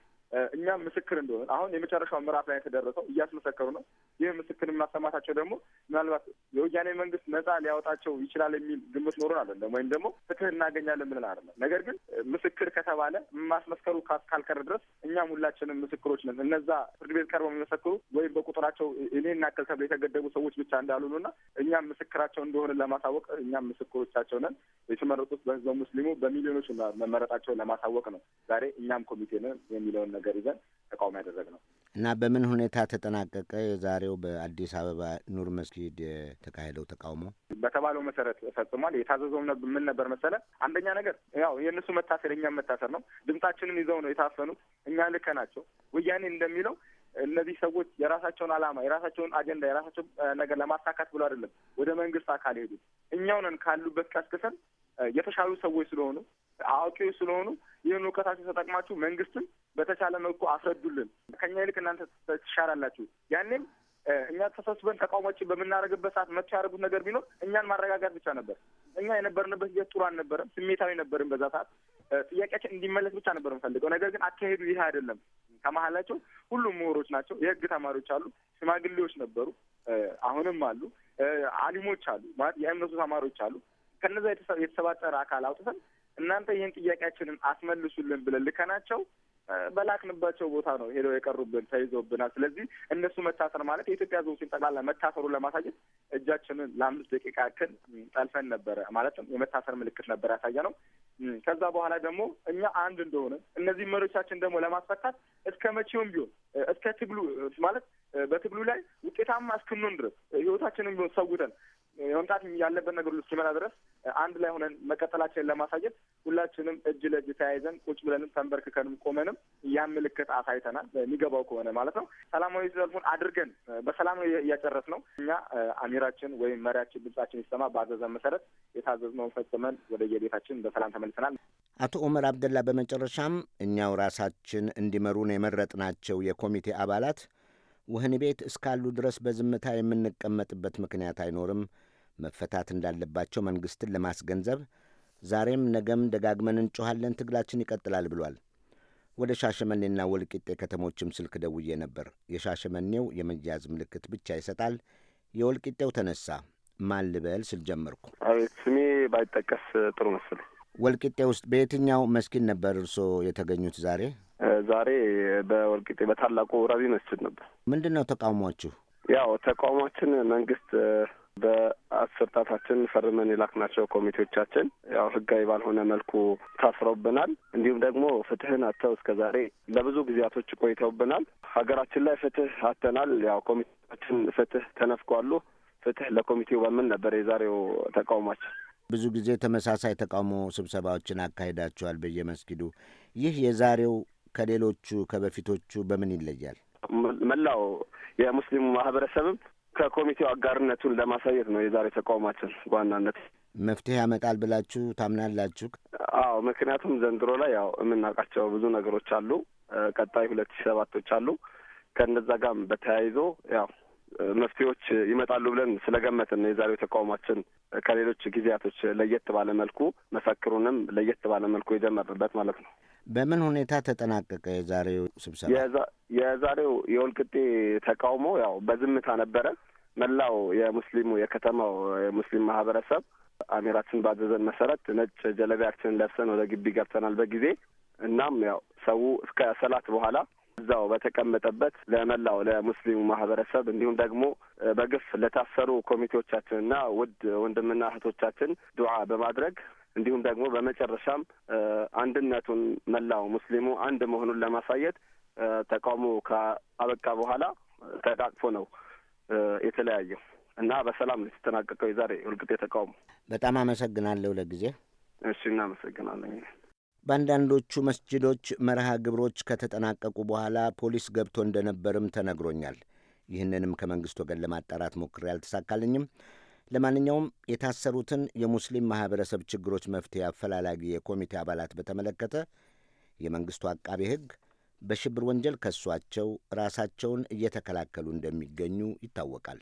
[SPEAKER 10] እኛም ምስክር እንደሆነ አሁን የመጨረሻው ምዕራፍ ላይ የተደረሰው እያስመሰከሩ ነው። ይህ ምስክር ማሰማታቸው ደግሞ ምናልባት የወያኔ መንግስት ነጻ ሊያወጣቸው ይችላል የሚል ግምት ኖሮን አይደለም፣ ወይም ደግሞ ፍትህ እናገኛለን ምንል አይደለም። ነገር ግን ምስክር ከተባለ ማስመስከሩ ካልቀረ ድረስ እኛም ሁላችንም ምስክሮች ነን። እነዛ ፍርድ ቤት ቀርበው የሚመሰክሩ ወይም በቁጥራቸው እኔ ያክል ተብለ የተገደቡ ሰዎች ብቻ እንዳልሆኑና እኛም ምስክራቸው እንደሆነ ለማሳወቅ እኛም ምስክሮቻቸው ነን። የተመረጡት በህዝበ ሙስሊሙ በሚሊዮኖች መመረጣቸው ለማሳወቅ ነው። ዛሬ እኛም ኮሚቴ ነን የሚለውን ነገር ይዘን ተቃውሞ ያደረግ ነው
[SPEAKER 11] እና በምን ሁኔታ ተጠናቀቀ? የዛሬው በአዲስ አበባ ኑር መስጊድ የተካሄደው ተቃውሞ
[SPEAKER 10] በተባለው መሰረት ፈጽሟል። የታዘዘው ምን ነበር መሰለ? አንደኛ ነገር ያው የእነሱ መታሰር የኛም መታሰር ነው። ድምጻችንን ይዘው ነው የታፈኑ። እኛ ልከ ናቸው ወያኔ እንደሚለው እነዚህ ሰዎች የራሳቸውን ዓላማ የራሳቸውን አጀንዳ የራሳቸው ነገር ለማሳካት ብሎ አይደለም ወደ መንግስት አካል እኛው እኛውንን ካሉበት ቀስቅሰን የተሻሉ ሰዎች ስለሆኑ አዋቂዎች ስለሆኑ ይህን እውቀታቸው ተጠቅማችሁ መንግስትን በተቻለ መልኩ አስረዱልን፣ ከኛ ይልቅ እናንተ ትሻላላችሁ። ያኔም እኛ ተሰብስበን ተቃውሞችን በምናደርግበት ሰዓት መጥቶ ያደረጉት ነገር ቢኖር እኛን ማረጋጋት ብቻ ነበር። እኛ የነበርንበት ጊዜ ጥሩ አልነበረም። ስሜታዊ ነበርም። በዛ ሰዓት ጥያቄያችን እንዲመለስ ብቻ ነበር የምፈልገው። ነገር ግን አካሄዱ ይህ አይደለም። ከመሀላቸው ሁሉም ምሁሮች ናቸው፣ የህግ ተማሪዎች አሉ፣ ሽማግሌዎች ነበሩ፣ አሁንም አሉ፣ አሊሞች አሉ፣ ማለት የእምነቱ ተማሪዎች አሉ። ከነዛ የተሰባጠረ አካል አውጥተን እናንተ ይህን ጥያቄያችንን አስመልሱልን ብለን ልከናቸው በላክንባቸው ቦታ ነው ሄደው የቀሩብን ተይዘውብናል። ስለዚህ እነሱ መታሰር ማለት የኢትዮጵያ ሕዝቦችን ጠቅላላ መታሰሩን ለማሳየት እጃችንን ለአምስት ደቂቃ ያክል ጠልፈን ነበረ። ማለትም የመታሰር ምልክት ነበር ያሳየ ነው። ከዛ በኋላ ደግሞ እኛ አንድ እንደሆነ እነዚህ መሪዎቻችን ደግሞ ለማስፈታት እስከ መቼውም ቢሆን እስከ ትግሉ ማለት በትግሉ ላይ ውጤታማ እስክንሆን ድረስ ህይወታችንም ቢሆን ሰውተን መምጣት ያለበት ነገር ሁሉ እስኪመጣ ድረስ አንድ ላይ ሆነን መቀጠላችንን ለማሳየት ሁላችንም እጅ ለእጅ ተያይዘን ቁጭ ብለንም ተንበርክከንም ቆመንም ያን ምልክት አሳይተናል። የሚገባው ከሆነ ማለት ነው። ሰላማዊ ሰልፉን አድርገን በሰላም እያጨረስ ነው። እኛ አሚራችን ወይም መሪያችን ድምጻችን ይሰማ በአዘዘን መሰረት የታዘዝነውን ፈጽመን ወደ የቤታችን በሰላም ተመልሰናል።
[SPEAKER 11] አቶ ኦመር አብደላ፣ በመጨረሻም እኛው ራሳችን እንዲመሩን የመረጥናቸው የኮሚቴ አባላት ወህኒ ቤት እስካሉ ድረስ በዝምታ የምንቀመጥበት ምክንያት አይኖርም መፈታት እንዳለባቸው መንግሥትን ለማስገንዘብ ዛሬም ነገም ደጋግመን እንጮኋለን፣ ትግላችን ይቀጥላል ብሏል። ወደ ሻሸመኔና ወልቂጤ ከተሞችም ስልክ ደውዬ ነበር። የሻሸመኔው የመያዝ ምልክት ብቻ ይሰጣል። የወልቂጤው ተነሳ። ማን ልበል ስል ጀመርኩ።
[SPEAKER 12] አቤት ስሜ ባይጠቀስ ጥሩ መሰለኝ።
[SPEAKER 11] ወልቂጤ ውስጥ በየትኛው መስጊድ ነበር እርስዎ የተገኙት ዛሬ?
[SPEAKER 12] ዛሬ በወልቂጤ በታላቁ ረቢ መስጅድ ነበር።
[SPEAKER 11] ምንድን ነው ተቃውሟችሁ?
[SPEAKER 12] ያው ተቃውሟችን መንግስት በአሰርታታችን ፈርመን የላክናቸው ኮሚቴዎቻችን ያው ህጋዊ ባልሆነ መልኩ ታስረውብናል። እንዲሁም ደግሞ ፍትህን አጥተው እስከ ዛሬ ለብዙ ጊዜያቶች ቆይተውብናል። ሀገራችን ላይ ፍትህ አጥተናል። ያው ኮሚቴዎቻችን ፍትህ ተነፍቋሉ። ፍትህ ለኮሚቴው በምን ነበር የዛሬው ተቃውሟችን።
[SPEAKER 11] ብዙ ጊዜ ተመሳሳይ ተቃውሞ ስብሰባዎችን አካሂዳቸዋል በየመስጊዱ። ይህ የዛሬው ከሌሎቹ ከበፊቶቹ በምን ይለያል?
[SPEAKER 12] መላው የሙስሊሙ ማህበረሰብም ከኮሚቴው አጋርነቱን ለማሳየት ነው የዛሬ ተቃውሟችን በዋናነት።
[SPEAKER 11] መፍትሄ ያመጣል ብላችሁ ታምናላችሁ?
[SPEAKER 12] አዎ፣ ምክንያቱም ዘንድሮ ላይ ያው የምናውቃቸው ብዙ ነገሮች አሉ። ቀጣይ ሁለት ሺ ሰባቶች አሉ። ከእነዛ ጋም በተያይዞ ያው መፍትሄዎች ይመጣሉ ብለን ስለገመትን የዛሬው ተቃውሟችን ከሌሎች ጊዜያቶች ለየት ባለ መልኩ መፈክሩንም ለየት ባለ መልኩ የጀመርንበት ማለት ነው።
[SPEAKER 11] በምን ሁኔታ ተጠናቀቀ የዛሬው ስብሰባ?
[SPEAKER 12] የዛሬው የወልቅጤ ተቃውሞ ያው በዝምታ ነበረ። መላው የሙስሊሙ የከተማው የሙስሊም ማህበረሰብ አሚራችን ባዘዘን መሰረት ነጭ ጀለቢያችንን ለብሰን ወደ ግቢ ገብተናል በጊዜ እናም ያው ሰው እስከ ሰላት በኋላ እዛው በተቀመጠበት ለመላው ለሙስሊሙ ማህበረሰብ እንዲሁም ደግሞ በግፍ ለታሰሩ ኮሚቴዎቻችንና ውድ ወንድምና እህቶቻችን ዱዓ በማድረግ እንዲሁም ደግሞ በመጨረሻም አንድነቱን መላው ሙስሊሙ አንድ መሆኑን ለማሳየት ተቃውሞ ከአበቃ በኋላ ተቃቅፎ ነው የተለያየ እና በሰላም ነው የተጠናቀቀው የዛሬ ወልቅጤ ተቃውሞ።
[SPEAKER 11] በጣም አመሰግናለሁ ለጊዜ።
[SPEAKER 12] እሺ እናመሰግናለን።
[SPEAKER 11] በአንዳንዶቹ መስጅዶች መርሃ ግብሮች ከተጠናቀቁ በኋላ ፖሊስ ገብቶ እንደነበርም ተነግሮኛል። ይህንንም ከመንግሥት ወገን ለማጣራት ሞክሬ አልተሳካልኝም። ለማንኛውም የታሰሩትን የሙስሊም ማኅበረሰብ ችግሮች መፍትሄ አፈላላጊ የኮሚቴ አባላት በተመለከተ የመንግሥቱ አቃቤ ሕግ በሽብር ወንጀል ከሷቸው ራሳቸውን እየተከላከሉ እንደሚገኙ ይታወቃል።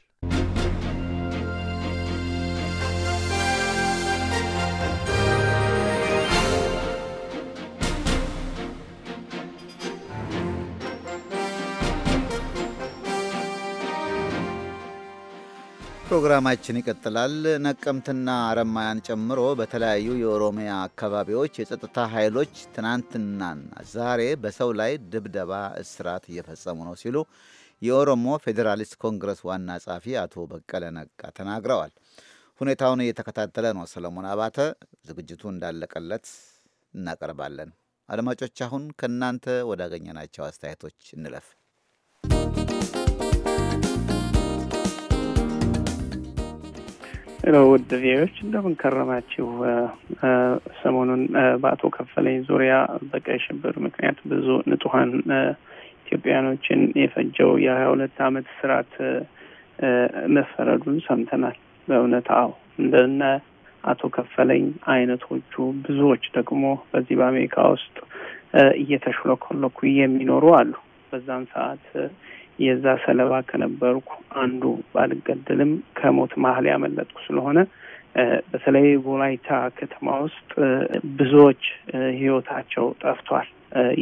[SPEAKER 1] ፕሮግራማችን ይቀጥላል። ነቀምትና አረማያን ጨምሮ በተለያዩ የኦሮሚያ አካባቢዎች የጸጥታ ኃይሎች ትናንትናና ዛሬ በሰው ላይ ድብደባ፣ እስራት እየፈጸሙ ነው ሲሉ የኦሮሞ ፌዴራሊስት ኮንግረስ ዋና ጸሐፊ አቶ በቀለ ነጋ ተናግረዋል። ሁኔታውን እየተከታተለ ነው ሰለሞን አባተ። ዝግጅቱ እንዳለቀለት እናቀርባለን። አድማጮች አሁን ከእናንተ ወዳገኘናቸው አስተያየቶች እንለፍ።
[SPEAKER 12] ሄሎ ውድ
[SPEAKER 13] ቪዎች እንደምን ከረማችሁ። ሰሞኑን በአቶ ከፈለኝ ዙሪያ በቀይ ሽብር ምክንያት ብዙ ንጹሀን ኢትዮጵያኖችን የፈጀው የሀያ ሁለት አመት ስርዓት መፈረዱን ሰምተናል። በእውነት አዎ እንደነ አቶ ከፈለኝ አይነቶቹ ብዙዎች ደግሞ በዚህ በአሜሪካ ውስጥ እየተሽለኮለኩ የሚኖሩ አሉ። በዛም ሰዓት የዛ ሰለባ ከነበርኩ አንዱ ባልገደልም ከሞት መሀል ያመለጥኩ ስለሆነ በተለይ ወላይታ ከተማ ውስጥ ብዙዎች ህይወታቸው ጠፍቷል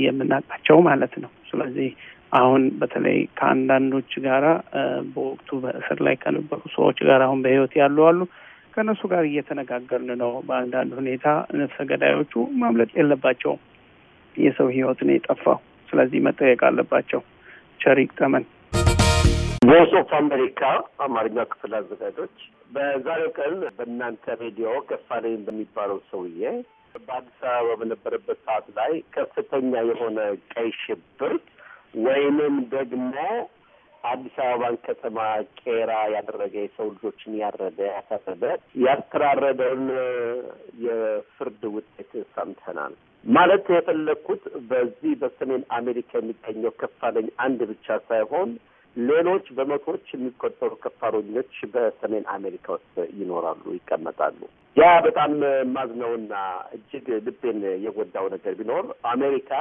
[SPEAKER 13] የምናውቃቸው ማለት ነው። ስለዚህ አሁን በተለይ ከአንዳንዶች ጋራ በወቅቱ በእስር ላይ ከነበሩ ሰዎች ጋር አሁን በህይወት ያሉ አሉ ከእነሱ ጋር እየተነጋገርን ነው። በአንዳንድ ሁኔታ ነፍሰ ገዳዮቹ ማምለጥ የለባቸውም። የሰው ህይወትን ነው የጠፋው። ስለዚህ መጠየቅ አለባቸው። ቸሪቅ ተመን ቮይስ ኦፍ አሜሪካ
[SPEAKER 14] አማርኛ ክፍል አዘጋጆች በዛሬው ቀን በእናንተ ሬዲዮ ገፋሌን በሚባለው ሰውዬ በአዲስ አበባ በነበረበት ሰዓት ላይ ከፍተኛ የሆነ ቀይ ሽብር ወይንም ደግሞ አዲስ አበባን ከተማ ቄራ ያደረገ የሰው ልጆችን ያረደ ያሳረደ ያስተራረደውን የፍርድ ውጤት ሰምተናል። ማለት የፈለግኩት በዚህ በሰሜን አሜሪካ የሚገኘው ከፋለኝ አንድ ብቻ ሳይሆን ሌሎች በመቶዎች የሚቆጠሩ ከፋሎኞች በሰሜን አሜሪካ ውስጥ ይኖራሉ፣ ይቀመጣሉ። ያ በጣም ማዝነውና እጅግ ልቤን የጎዳው ነገር ቢኖር አሜሪካ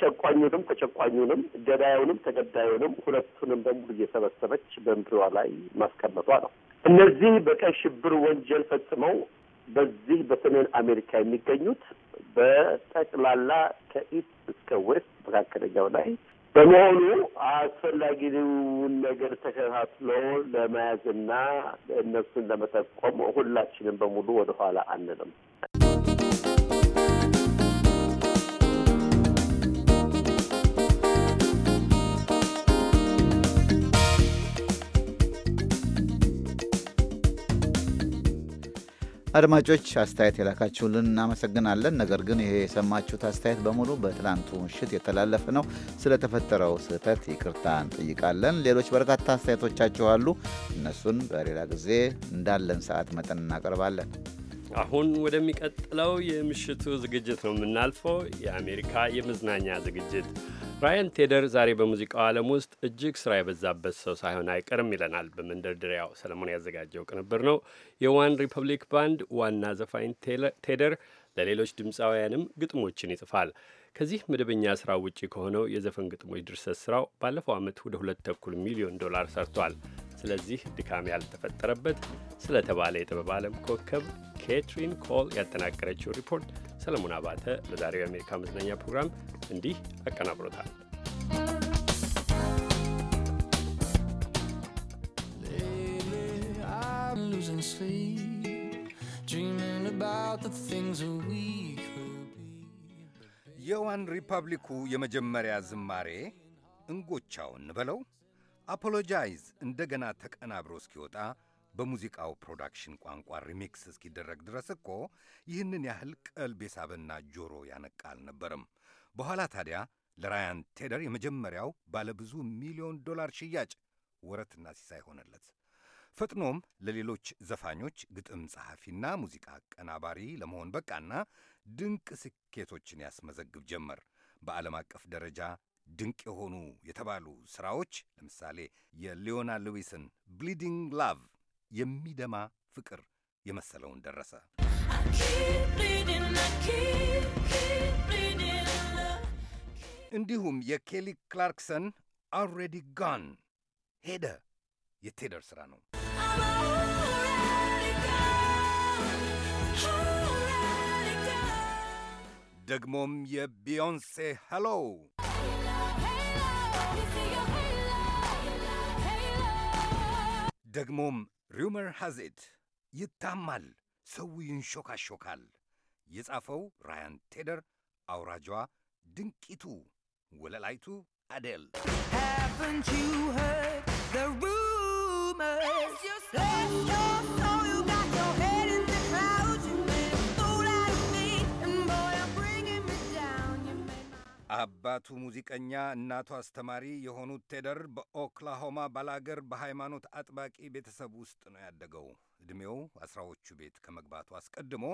[SPEAKER 14] ጨቋኙንም ተጨቋኙንም ገዳዩንም ተገዳዩንም ሁለቱንም በሙሉ እየሰበሰበች በምድሯ ላይ ማስቀመጧ ነው። እነዚህ በቀይ ሽብር ወንጀል ፈጽመው በዚህ በሰሜን አሜሪካ የሚገኙት በጠቅላላ ከኢስት እስከ ዌስት መካከለኛው ላይ በመሆኑ አስፈላጊውን ነገር ተከታትሎ ለመያዝና እነሱን ለመጠቆም ሁላችንም በሙሉ ወደኋላ አንልም።
[SPEAKER 1] አድማጮች አስተያየት የላካችሁልን እናመሰግናለን። ነገር ግን ይሄ የሰማችሁት አስተያየት በሙሉ በትላንቱ ምሽት የተላለፈ ነው። ስለተፈጠረው ስህተት ይቅርታ እንጠይቃለን። ሌሎች በርካታ አስተያየቶቻችሁ አሉ። እነሱን በሌላ ጊዜ እንዳለን ሰዓት መጠን እናቀርባለን።
[SPEAKER 4] አሁን ወደሚቀጥለው የምሽቱ ዝግጅት ነው የምናልፈው። የአሜሪካ የመዝናኛ ዝግጅት ራያን ቴደር ዛሬ በሙዚቃው ዓለም ውስጥ እጅግ ስራ የበዛበት ሰው ሳይሆን አይቀርም ይለናል በመንደርደሪያው ሰለሞን ያዘጋጀው ቅንብር ነው። የዋን ሪፐብሊክ ባንድ ዋና ዘፋኝ ቴደር ለሌሎች ድምፃውያንም ግጥሞችን ይጽፋል። ከዚህ መደበኛ ስራ ውጪ ከሆነው የዘፈን ግጥሞች ድርሰት ስራው ባለፈው ዓመት ወደ ሁለት ተኩል ሚሊዮን ዶላር ሰርቷል። ስለዚህ ድካም ያልተፈጠረበት ስለተባለ የጥበብ ዓለም ኮከብ ኬትሪን ኮል ያጠናቀረችው ሪፖርት ሰለሞን አባተ ለዛሬው የአሜሪካ መዝናኛ ፕሮግራም እንዲህ አቀናብሮታል።
[SPEAKER 6] የዋን ሪፐብሊኩ የመጀመሪያ ዝማሬ እንጎቻውን በለው አፖሎጃይዝ እንደገና ተቀናብሮ እስኪወጣ በሙዚቃው ፕሮዳክሽን ቋንቋ ሪሚክስ እስኪደረግ ድረስ እኮ ይህንን ያህል ቀልብ የሳበና ጆሮ ያነቃ አልነበርም። በኋላ ታዲያ ለራያን ቴደር የመጀመሪያው ባለብዙ ሚሊዮን ዶላር ሽያጭ ወረትና ሲሳይ ሆነለት። ፈጥኖም ለሌሎች ዘፋኞች ግጥም ጸሐፊና ሙዚቃ አቀናባሪ ለመሆን በቃና ድንቅ ስኬቶችን ያስመዘግብ ጀመር። በዓለም አቀፍ ደረጃ ድንቅ የሆኑ የተባሉ ስራዎች ለምሳሌ የሊዮና ሉዊስን ብሊዲንግ ላቭ የሚደማ ፍቅር የመሰለውን ደረሰ። እንዲሁም የኬሊ ክላርክሰን አልሬዲ ጋን ሄደ የቴደር ስራ ነው። ደግሞም የቢዮንሴ ሄሎ ደግሞም ሪመር ሃዚት ይታማል፣ ሰው ይንሾካሾካል። የጻፈው ራያን ቴደር፣ አውራጇ ድንቂቱ ወለላይቱ አዴል
[SPEAKER 15] Haven't you heard the rumors?
[SPEAKER 6] አባቱ ሙዚቀኛ፣ እናቱ አስተማሪ የሆኑት ቴደር በኦክላሆማ ባላገር በሃይማኖት አጥባቂ ቤተሰብ ውስጥ ነው ያደገው። ዕድሜው አስራዎቹ ቤት ከመግባቱ አስቀድሞ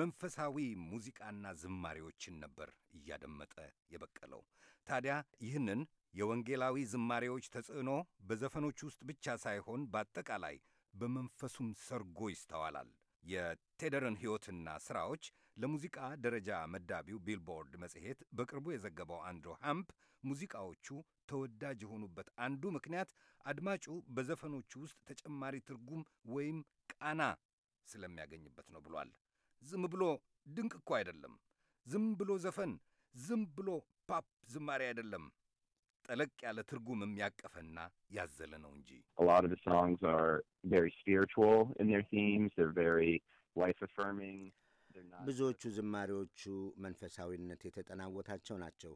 [SPEAKER 6] መንፈሳዊ ሙዚቃና ዝማሬዎችን ነበር እያደመጠ የበቀለው። ታዲያ ይህንን የወንጌላዊ ዝማሬዎች ተጽዕኖ በዘፈኖች ውስጥ ብቻ ሳይሆን በአጠቃላይ በመንፈሱም ሰርጎ ይስተዋላል። የቴደርን ሕይወትና ሥራዎች ለሙዚቃ ደረጃ መዳቢው ቢልቦርድ መጽሔት በቅርቡ የዘገበው አንድሩ ሃምፕ ሙዚቃዎቹ ተወዳጅ የሆኑበት አንዱ ምክንያት አድማጩ በዘፈኖቹ ውስጥ ተጨማሪ ትርጉም ወይም ቃና ስለሚያገኝበት ነው ብሏል። ዝም ብሎ ድንቅ እኮ አይደለም። ዝም ብሎ ዘፈን፣ ዝም ብሎ ፓፕ ዝማሬ አይደለም። ጠለቅ ያለ ትርጉምም ያቀፈና ያዘለ ነው እንጂ
[SPEAKER 11] ብዙዎቹ ዝማሬዎቹ መንፈሳዊነት የተጠናወታቸው ናቸው።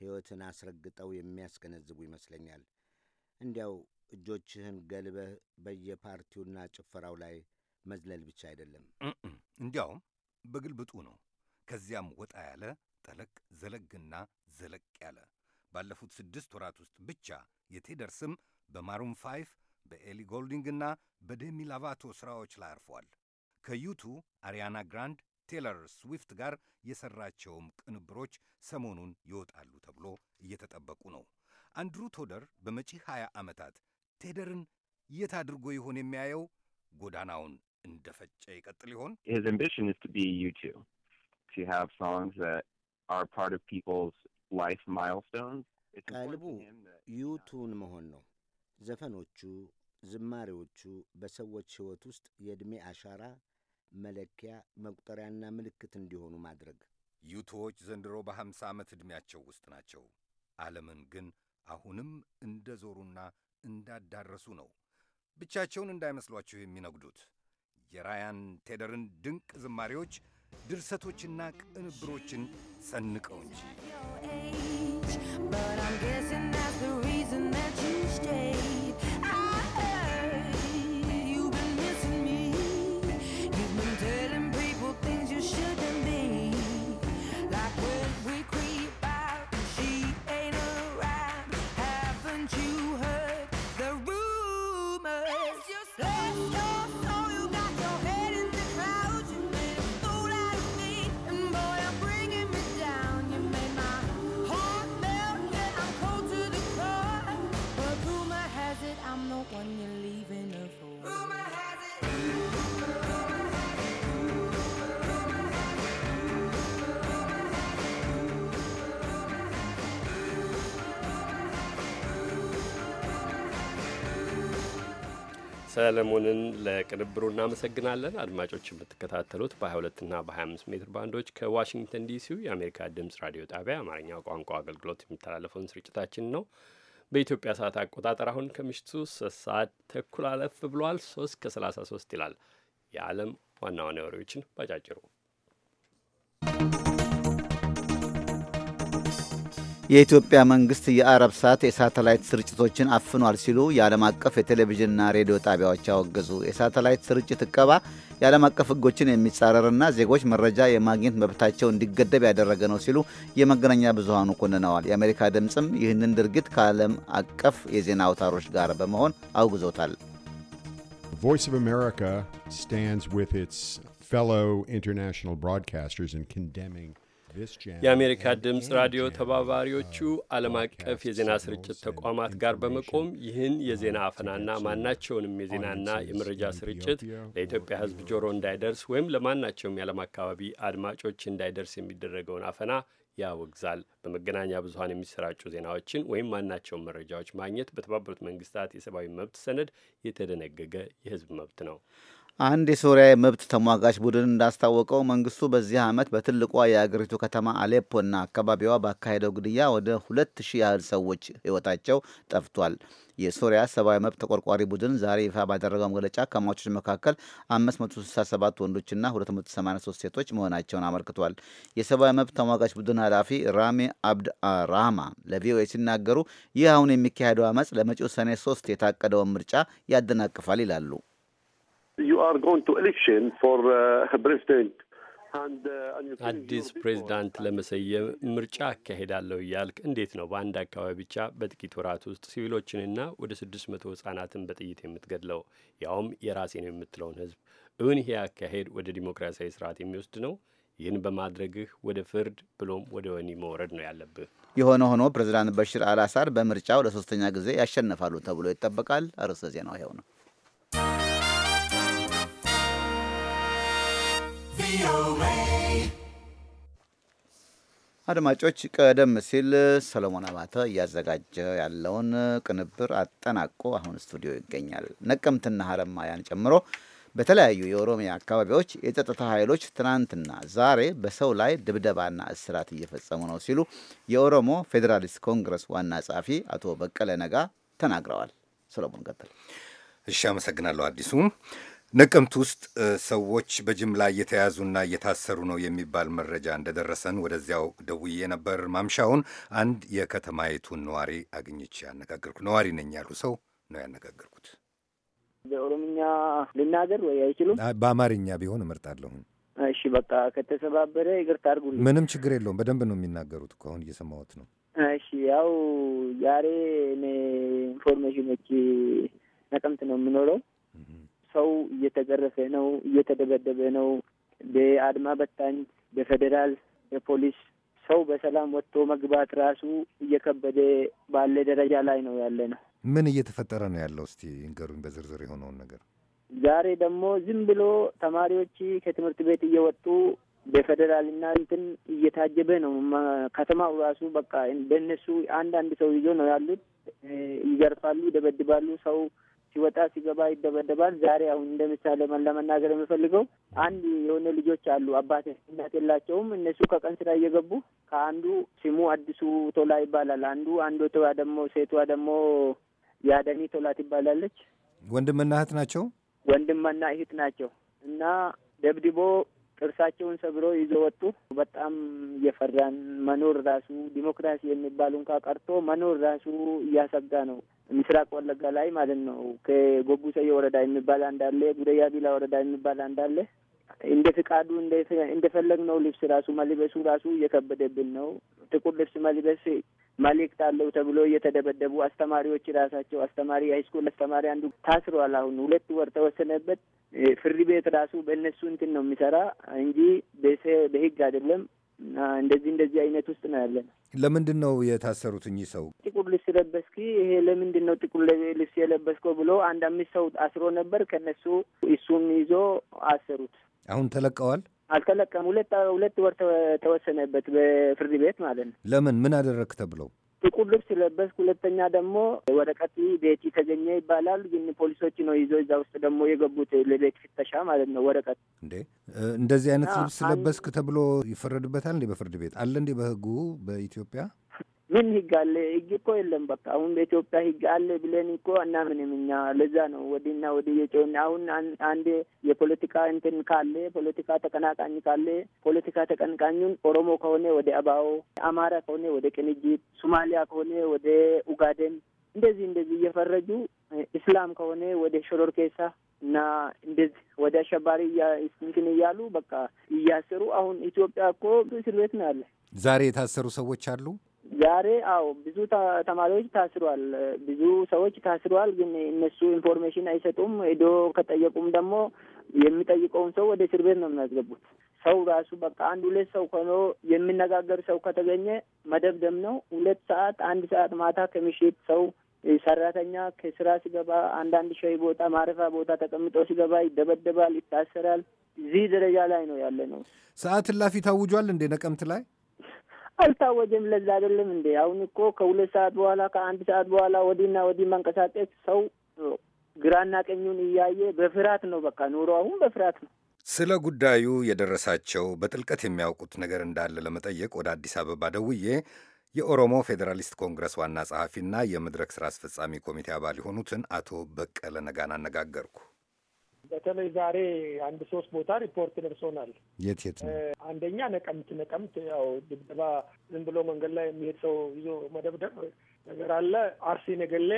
[SPEAKER 11] ሕይወትን አስረግጠው የሚያስገነዝቡ ይመስለኛል። እንዲያው እጆችህን ገልበህ
[SPEAKER 6] በየፓርቲውና ጭፈራው ላይ መዝለል ብቻ አይደለም፣ እንዲያውም በግልብጡ ነው። ከዚያም ወጣ ያለ ጠለቅ ዘለግና ዘለቅ ያለ ባለፉት ስድስት ወራት ውስጥ ብቻ የቴደር ስም በማሩን ፋይፍ በኤሊ ጎልዲንግና በዴሚ ላቫቶ ሥራዎች ላይ አርፏል። ከዩቱ አሪያና ግራንድ ቴለር ስዊፍት ጋር የሰራቸውም ቅንብሮች ሰሞኑን ይወጣሉ ተብሎ እየተጠበቁ ነው። አንድሩ ቶደር በመጪ 20 ዓመታት ቴደርን የት አድርጎ ይሆን የሚያየው? ጎዳናውን እንደፈጨ ይቀጥል ይሆን?
[SPEAKER 11] ቀልቡ ዩቱን መሆን ነው። ዘፈኖቹ፣ ዝማሬዎቹ በሰዎች ሕይወት ውስጥ የዕድሜ አሻራ መለኪያ፣ መቁጠሪያና
[SPEAKER 6] ምልክት እንዲሆኑ ማድረግ። ዩቱዎች ዘንድሮ በሀምሳ ዓመት ዕድሜያቸው ውስጥ ናቸው። ዓለምን ግን አሁንም እንደ ዞሩና እንዳዳረሱ ነው። ብቻቸውን እንዳይመስሏችሁ የሚነግዱት የራያን ቴደርን ድንቅ ዝማሬዎች፣ ድርሰቶችና ቅንብሮችን ሰንቀው እንጂ
[SPEAKER 9] But I'm guessing that's the reason that you stayed. I
[SPEAKER 4] ሰለሞንን ለቅንብሩ እናመሰግናለን። አድማጮች የምትከታተሉት በ22ና በ25 ሜትር ባንዶች ከዋሽንግተን ዲሲው የአሜሪካ ድምፅ ራዲዮ ጣቢያ የአማርኛ ቋንቋ አገልግሎት የሚተላለፈውን ስርጭታችን ነው። በኢትዮጵያ ሰዓት አቆጣጠር አሁን ከምሽቱ ሶስት ሰዓት ተኩል አለፍ ብሏል። ሶስት ከሰላሳ ሶስት ይላል። የዓለም ዋና ዋና ወሬዎችን ባጫጭሩ
[SPEAKER 1] የኢትዮጵያ መንግስት የአረብ ሳት የሳተላይት ስርጭቶችን አፍኗል ሲሉ የዓለም አቀፍ የቴሌቪዥንና ሬዲዮ ጣቢያዎች አወገዙ። የሳተላይት ስርጭት እቀባ የዓለም አቀፍ ሕጎችን የሚጻረርና ዜጎች መረጃ የማግኘት መብታቸው እንዲገደብ ያደረገ ነው ሲሉ የመገናኛ ብዙሃኑ ኮንነዋል። የአሜሪካ ድምፅም ይህንን ድርጊት ከዓለም አቀፍ የዜና አውታሮች ጋር በመሆን አውግዞታል።
[SPEAKER 2] ቮይስ ኦፍ አሜሪካ ስታንድስ ዊዝ ኢትስ ኢንተርናሽናል ብሮድካስተርስ ኢን ኮንደሚንግ የአሜሪካ
[SPEAKER 4] ድምፅ ራዲዮ ተባባሪዎቹ ዓለም አቀፍ የዜና ስርጭት ተቋማት ጋር በመቆም ይህን የዜና አፈናና ማናቸውንም የዜናና የመረጃ ስርጭት ለኢትዮጵያ ሕዝብ ጆሮ እንዳይደርስ ወይም ለማናቸውም የዓለም አካባቢ አድማጮች እንዳይደርስ የሚደረገውን አፈና ያወግዛል። በመገናኛ ብዙኃን የሚሰራጩ ዜናዎችን ወይም ማናቸውን መረጃዎች ማግኘት በተባበሩት መንግስታት የሰብአዊ መብት ሰነድ የተደነገገ የሕዝብ መብት ነው።
[SPEAKER 1] አንድ የሶሪያ የመብት ተሟጋች ቡድን እንዳስታወቀው መንግስቱ በዚህ ዓመት በትልቋ የአገሪቱ ከተማ አሌፖና አካባቢዋ ባካሄደው ግድያ ወደ ሁለት ሺህ ያህል ሰዎች ሕይወታቸው ጠፍቷል። የሶሪያ ሰብአዊ መብት ተቆርቋሪ ቡድን ዛሬ ይፋ ባደረገው መግለጫ ከሟቾች መካከል 567 ወንዶችና 283 ሴቶች መሆናቸውን አመልክቷል። የሰብአዊ መብት ተሟጋች ቡድን ኃላፊ ራሚ አብድ አራማ ለቪኦኤ ሲናገሩ ይህ አሁን የሚካሄደው አመፅ ለመጪው ሰኔ ሶስት የታቀደውን ምርጫ ያደናቅፋል
[SPEAKER 5] ይላሉ።
[SPEAKER 4] አዲስ ፕሬዚዳንት ለመሰየም ምርጫ አካሄዳለሁ እያልክ እንዴት ነው በአንድ አካባቢ ብቻ በጥቂት ወራት ውስጥ ሲቪሎችንና ወደ ስድስት መቶ ህጻናትን በጥይት የምትገድለው ያውም የራሴ ነው የምትለውን ህዝብ? እውን ይሄ አካሄድ ወደ ዲሞክራሲያዊ ስርዓት የሚወስድ ነው? ይህን በማድረግህ ወደ ፍርድ ብሎም ወደ ወህኒ መውረድ ነው ያለብህ።
[SPEAKER 1] የሆነ ሆኖ ፕሬዚዳንት በሽር አልአሳድ በምርጫው ለሶስተኛ ጊዜ ያሸነፋሉ ተብሎ ይጠበቃል። ርዕሰ ዜናው ይኸው ነው። አድማጮች ቀደም ሲል ሰለሞን አባተ እያዘጋጀ ያለውን ቅንብር አጠናቆ አሁን ስቱዲዮ ይገኛል። ነቀምትና ሀረማያን ጨምሮ በተለያዩ የኦሮሚያ አካባቢዎች የጸጥታ ኃይሎች ትናንትና ዛሬ በሰው ላይ ድብደባና እስራት እየፈጸሙ ነው ሲሉ የኦሮሞ ፌዴራሊስት ኮንግረስ
[SPEAKER 6] ዋና ጸሐፊ አቶ በቀለ ነጋ ተናግረዋል። ሰለሞን ቀጥል። እሺ፣ አመሰግናለሁ አዲሱም። ነቀምት ውስጥ ሰዎች በጅምላ እየተያዙና እየታሰሩ ነው የሚባል መረጃ እንደደረሰን ወደዚያው ደውዬ ነበር ማምሻውን። አንድ የከተማይቱን ነዋሪ አግኝቼ ያነጋገርኩ ነዋሪ ነኝ ያሉ ሰው ነው ያነጋገርኩት።
[SPEAKER 13] በኦሮምኛ ልናገር ወይ አይችሉም?
[SPEAKER 6] በአማርኛ ቢሆን እመርጣለሁን።
[SPEAKER 13] እሺ በቃ ከተሰባበረ
[SPEAKER 6] ይቅርታ አድርጉልኝ። ምንም ችግር የለውም። በደንብ ነው የሚናገሩት እኮ አሁን እየሰማሁት ነው።
[SPEAKER 13] እሺ ያው ዛሬ እኔ ኢንፎርሜሽኖች ነቀምት ነው የምኖረው ሰው እየተገረፈ ነው፣ እየተደበደበ ነው። በአድማ በታኝ፣ በፌዴራል፣ በፖሊስ ሰው በሰላም ወጥቶ መግባት ራሱ እየከበደ ባለ ደረጃ ላይ ነው ያለ ነው።
[SPEAKER 6] ምን እየተፈጠረ ነው ያለው? እስቲ ንገሩኝ በዝርዝር የሆነውን ነገር።
[SPEAKER 13] ዛሬ ደግሞ ዝም ብሎ ተማሪዎች ከትምህርት ቤት እየወጡ በፌዴራልና እንትን እየታጀበ ነው ከተማው ራሱ በቃ በእነሱ አንዳንድ ሰው ይዞ ነው ያሉት። ይገርፋሉ፣ ይደበድባሉ ሰው ሲወጣ ሲገባ ይደበደባል። ዛሬ አሁን እንደ ምሳሌ ለመናገር የምፈልገው አንድ የሆነ ልጆች አሉ አባት እናት የላቸውም። እነሱ ከቀን ስራ እየገቡ ከአንዱ ስሙ አዲሱ ቶላ ይባላል። አንዱ አንዱ ቶላ ደግሞ ሴቷ ደግሞ የአደኒ ቶላ ትባላለች።
[SPEAKER 6] ወንድምና እህት ናቸው።
[SPEAKER 13] ወንድምና እህት ናቸው እና ደብድቦ ጥርሳቸውን ሰብረው ይዘው ወጡ። በጣም እየፈራን መኖር ራሱ ዲሞክራሲ የሚባሉ እንኳ ቀርቶ መኖር ራሱ እያሰጋ ነው። ምስራቅ ወለጋ ላይ ማለት ነው። ከጎጉሰየ ወረዳ የሚባል አንዳለ፣ ጉደያ ቢላ ወረዳ የሚባል አንዳለ እንደ ፍቃዱ እንደፈለግነው ልብስ ራሱ መልበሱ ራሱ እየከበደብን ነው። ጥቁር ልብስ መልበስ መልእክት አለው ተብሎ እየተደበደቡ አስተማሪዎች ራሳቸው አስተማሪ ሃይስኩል አስተማሪ አንዱ ታስሯል። አሁን ሁለት ወር ተወሰነበት ፍርድ ቤት ራሱ በእነሱ እንትን ነው የሚሰራ እንጂ በህግ አይደለም። እንደዚህ እንደዚህ አይነት ውስጥ ነው ያለን።
[SPEAKER 6] ለምንድን ነው የታሰሩት እኚህ ሰው?
[SPEAKER 13] ጥቁር ልብስ ለበስኪ ይሄ ለምንድን ነው ጥቁር ልብስ የለበስከው ብሎ አንድ አምስት ሰው አስሮ ነበር። ከነሱ እሱም ይዞ አሰሩት።
[SPEAKER 6] አሁን ተለቀዋል?
[SPEAKER 13] አልተለቀም። ሁለት ሁለት ወር ተወሰነበት በፍርድ ቤት ማለት ነው።
[SPEAKER 6] ለምን ምን አደረግ ተብለው
[SPEAKER 13] ጥቁር ልብስ ለበስክ። ሁለተኛ ደግሞ ወረቀት ቤት ተገኘ ይባላል። ግን ፖሊሶች ነው ይዞ እዛ ውስጥ ደግሞ የገቡት ለቤት ፍተሻ ማለት ነው። ወረቀት
[SPEAKER 6] እንዴ እንደዚህ አይነት ልብስ ለበስክ ተብሎ ይፈረድበታል እንዴ? በፍርድ ቤት አለ እንዴ? በህጉ በኢትዮጵያ
[SPEAKER 13] ምን ህግ አለ? ህግ እኮ የለም። በቃ አሁን በኢትዮጵያ ህግ አለ ብለን እኮ እናምንም እኛ። ለዛ ነው ወዲና ወዲ የጮን። አሁን አንድ የፖለቲካ እንትን ካለ ፖለቲካ ተቀናቃኝ ካለ ፖለቲካ ተቀንቃኙን ኦሮሞ ከሆነ ወደ አባኦ፣ አማራ ከሆነ ወደ ቅንጅት፣ ሱማሊያ ከሆነ ወደ ኡጋደን እንደዚህ እንደዚህ እየፈረጁ እስላም ከሆነ ወደ ሾሮር ኬሳ እና እንደዚህ ወደ አሸባሪ እንትን እያሉ በቃ እያሰሩ አሁን ኢትዮጵያ እኮ እስር ቤት ነው ያለ።
[SPEAKER 6] ዛሬ የታሰሩ ሰዎች አሉ።
[SPEAKER 13] ዛሬ አዎ፣ ብዙ ተማሪዎች ታስሯል፣ ብዙ ሰዎች ታስሯል። ግን እነሱ ኢንፎርሜሽን አይሰጡም። ሄዶ ከጠየቁም ደግሞ የሚጠይቀውን ሰው ወደ እስር ቤት ነው የሚያስገቡት። ሰው ራሱ በቃ አንድ ሁለት ሰው ሆኖ የሚነጋገር ሰው ከተገኘ መደብደብ ነው። ሁለት ሰዓት አንድ ሰዓት ማታ ከምሽት ሰው ሰራተኛ ከስራ ሲገባ አንዳንድ ሻይ ቦታ ማረፊያ ቦታ ተቀምጦ ሲገባ ይደበደባል፣ ይታሰራል። እዚህ ደረጃ ላይ ነው ያለ ነው።
[SPEAKER 6] ሰዓት እላፊ ታውጇል እንዴ ነቀምት ላይ
[SPEAKER 13] አልታወጀም። ለዛ አይደለም እንዴ? አሁን እኮ ከሁለት ሰዓት በኋላ ከአንድ ሰዓት በኋላ ወዲህና ወዲህ መንቀሳቀስ ሰው ግራና ቀኙን እያየ በፍርሃት ነው። በቃ ኑሮ አሁን በፍርሃት ነው።
[SPEAKER 6] ስለ ጉዳዩ የደረሳቸው በጥልቀት የሚያውቁት ነገር እንዳለ ለመጠየቅ ወደ አዲስ አበባ ደውዬ የኦሮሞ ፌዴራሊስት ኮንግረስ ዋና ጸሐፊና የመድረክ ስራ አስፈጻሚ ኮሚቴ አባል የሆኑትን አቶ በቀለ ነጋን አነጋገርኩ።
[SPEAKER 16] በተለይ ዛሬ አንድ ሶስት ቦታ ሪፖርት ደርሶናል። የት የት ነው? አንደኛ ነቀምት፣ ነቀምት ያው ድብደባ ዝም ብሎ መንገድ ላይ የሚሄድ ሰው ይዞ መደብደብ ነገር አለ። አርሲ ነገሌ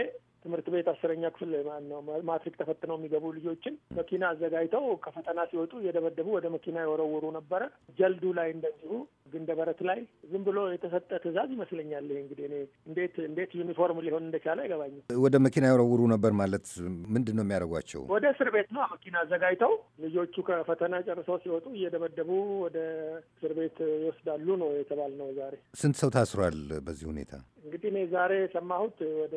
[SPEAKER 16] ትምህርት ቤት አስረኛ ክፍል ነው ማትሪክ ተፈትነው የሚገቡ ልጆችን መኪና አዘጋጅተው ከፈተና ሲወጡ እየደበደቡ ወደ መኪና የወረወሩ ነበረ። ጀልዱ ላይ እንደዚሁ ግንደበረት ላይ ዝም ብሎ የተሰጠ ትዕዛዝ ይመስለኛል። እንግዲህ እኔ እንዴት እንዴት ዩኒፎርም ሊሆን እንደቻለ አይገባኝም።
[SPEAKER 6] ወደ መኪና የወረውሩ ነበር ማለት ምንድን ነው የሚያደርጓቸው?
[SPEAKER 16] ወደ እስር ቤት ነው መኪና አዘጋጅተው ልጆቹ ከፈተና ጨርሰው ሲወጡ እየደበደቡ ወደ እስር ቤት ይወስዳሉ ነው የተባልነው። ዛሬ
[SPEAKER 6] ስንት ሰው ታስሯል? በዚህ ሁኔታ
[SPEAKER 16] እንግዲህ እኔ ዛሬ የሰማሁት ወደ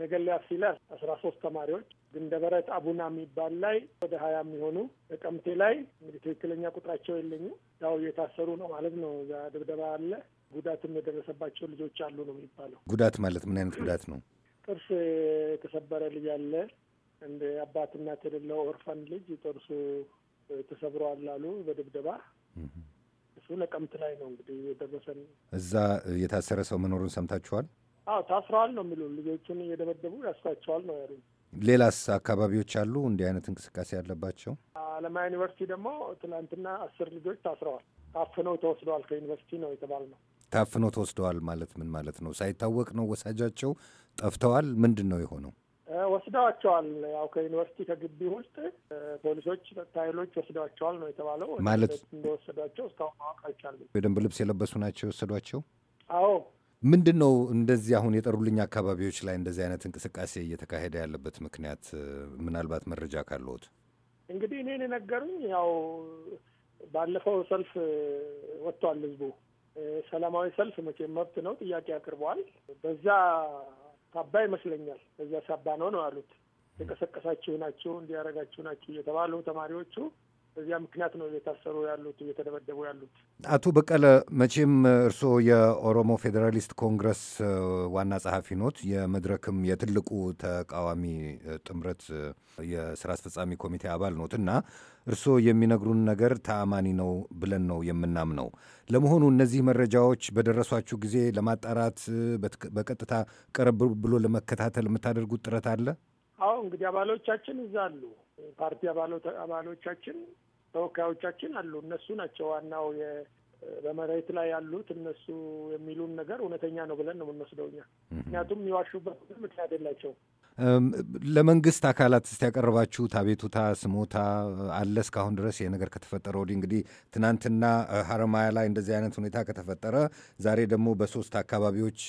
[SPEAKER 16] ነገሌ ሲለር አስራ ሶስት ተማሪዎች ግንደበረት አቡና የሚባል ላይ ወደ ሀያ የሚሆኑ ነቀምቴ ላይ እንግዲህ ትክክለኛ ቁጥራቸው የለኝም። ያው እየታሰሩ ነው ማለት ነው። እዛ ድብደባ አለ። ጉዳትም የደረሰባቸው ልጆች አሉ ነው የሚባለው።
[SPEAKER 6] ጉዳት ማለት ምን አይነት ጉዳት ነው?
[SPEAKER 16] ጥርስ የተሰበረ ልጅ አለ። እንደ አባት እናት የሌለው ኦርፋን ልጅ ጥርሱ ተሰብረዋል አሉ በድብደባ እሱ ነቀምት ላይ ነው እንግዲህ የደረሰን።
[SPEAKER 6] እዛ የታሰረ ሰው መኖሩን ሰምታችኋል?
[SPEAKER 16] አዎ ታስረዋል ነው የሚሉ ልጆቹን እየደበደቡ ያስሯቸዋል ነው ያሉ።
[SPEAKER 6] ሌላስ አካባቢዎች አሉ እንዲህ አይነት እንቅስቃሴ ያለባቸው?
[SPEAKER 16] አለማያ ዩኒቨርሲቲ ደግሞ ትናንትና አስር ልጆች ታስረዋል። ታፍነው ተወስደዋል ከዩኒቨርሲቲ ነው የተባል ነው።
[SPEAKER 6] ታፍነው ተወስደዋል ማለት ምን ማለት ነው? ሳይታወቅ ነው ወሳጃቸው? ጠፍተዋል? ምንድን ነው የሆነው?
[SPEAKER 16] ወስደዋቸዋል። ያው ከዩኒቨርሲቲ ከግቢ ውስጥ ፖሊሶች፣ ጸጥታ ኃይሎች ወስደዋቸዋል ነው የተባለው። ማለት
[SPEAKER 6] እንደወሰዷቸው እስካሁን ማወቅ አይቻልም። የደንብ ልብስ የለበሱ ናቸው የወሰዷቸው? አዎ ምንድን ነው እንደዚህ አሁን የጠሩልኝ አካባቢዎች ላይ እንደዚህ አይነት እንቅስቃሴ እየተካሄደ ያለበት ምክንያት? ምናልባት መረጃ ካለዎት?
[SPEAKER 16] እንግዲህ እኔን የነገሩኝ ያው ባለፈው ሰልፍ ወጥቷል። ህዝቡ ሰላማዊ ሰልፍ መቼም መብት ነው፣ ጥያቄ አቅርበዋል። በዛ ሳባ ይመስለኛል በዛ ሳባ ነው ነው ያሉት የቀሰቀሳችሁ ናችሁ እንዲያረጋችሁ ናችሁ እየተባሉ ተማሪዎቹ በዚያ ምክንያት ነው እየታሰሩ ያሉት እየተደበደቡ ያሉት።
[SPEAKER 6] አቶ በቀለ መቼም እርስዎ የኦሮሞ ፌዴራሊስት ኮንግረስ ዋና ጸሐፊ ኖት፣ የመድረክም የትልቁ ተቃዋሚ ጥምረት የስራ አስፈጻሚ ኮሚቴ አባል ኖት እና እርስዎ የሚነግሩን ነገር ተአማኒ ነው ብለን ነው የምናምነው። ለመሆኑ እነዚህ መረጃዎች በደረሷችሁ ጊዜ ለማጣራት በቀጥታ ቀረብ ብሎ ለመከታተል የምታደርጉት ጥረት አለ?
[SPEAKER 16] አዎ እንግዲህ አባሎቻችን እዛ አሉ። ፓርቲ አባሎቻችን ተወካዮቻችን አሉ። እነሱ ናቸው ዋናው በመሬት ላይ ያሉት እነሱ የሚሉን ነገር እውነተኛ ነው ብለን ነው የምንወስደው እኛ። ምክንያቱም የሚዋሹበት ምክንያት የላቸውም።
[SPEAKER 6] ለመንግስት አካላት እስቲ ያቀረባችሁት አቤቱታ ስሞታ አለ እስካሁን ድረስ? ይህ ነገር ከተፈጠረ ወዲህ እንግዲህ ትናንትና ሀረማያ ላይ እንደዚህ አይነት ሁኔታ ከተፈጠረ ዛሬ ደግሞ በሶስት አካባቢዎች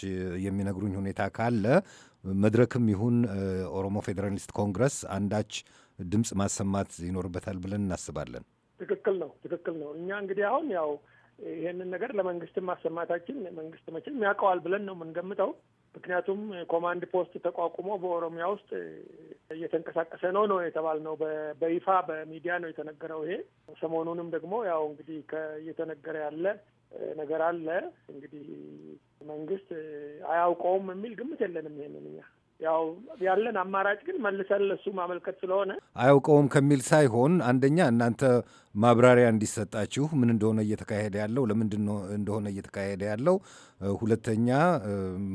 [SPEAKER 6] የሚነግሩኝ ሁኔታ ካለ መድረክም ይሁን ኦሮሞ ፌዴራሊስት ኮንግረስ አንዳች ድምፅ ማሰማት ይኖርበታል ብለን እናስባለን።
[SPEAKER 16] ትክክል ነው፣ ትክክል ነው። እኛ እንግዲህ አሁን ያው ይህንን ነገር ለመንግስትም ማሰማታችን መንግስት መቼም ያውቀዋል ብለን ነው የምንገምተው። ምክንያቱም ኮማንድ ፖስት ተቋቁሞ በኦሮሚያ ውስጥ እየተንቀሳቀሰ ነው ነው የተባልነው። በይፋ በሚዲያ ነው የተነገረው። ይሄ ሰሞኑንም ደግሞ ያው እንግዲህ እየተነገረ ያለ ነገር አለ። እንግዲህ መንግስት አያውቀውም የሚል ግምት የለንም። ይሄንን እኛ ያው ያለን አማራጭ ግን መልሰን ለሱ ማመልከት ስለሆነ
[SPEAKER 6] አያውቀውም ከሚል ሳይሆን አንደኛ እናንተ ማብራሪያ እንዲሰጣችሁ ምን እንደሆነ እየተካሄደ ያለው ለምንድን እንደሆነ እየተካሄደ ያለው፣ ሁለተኛ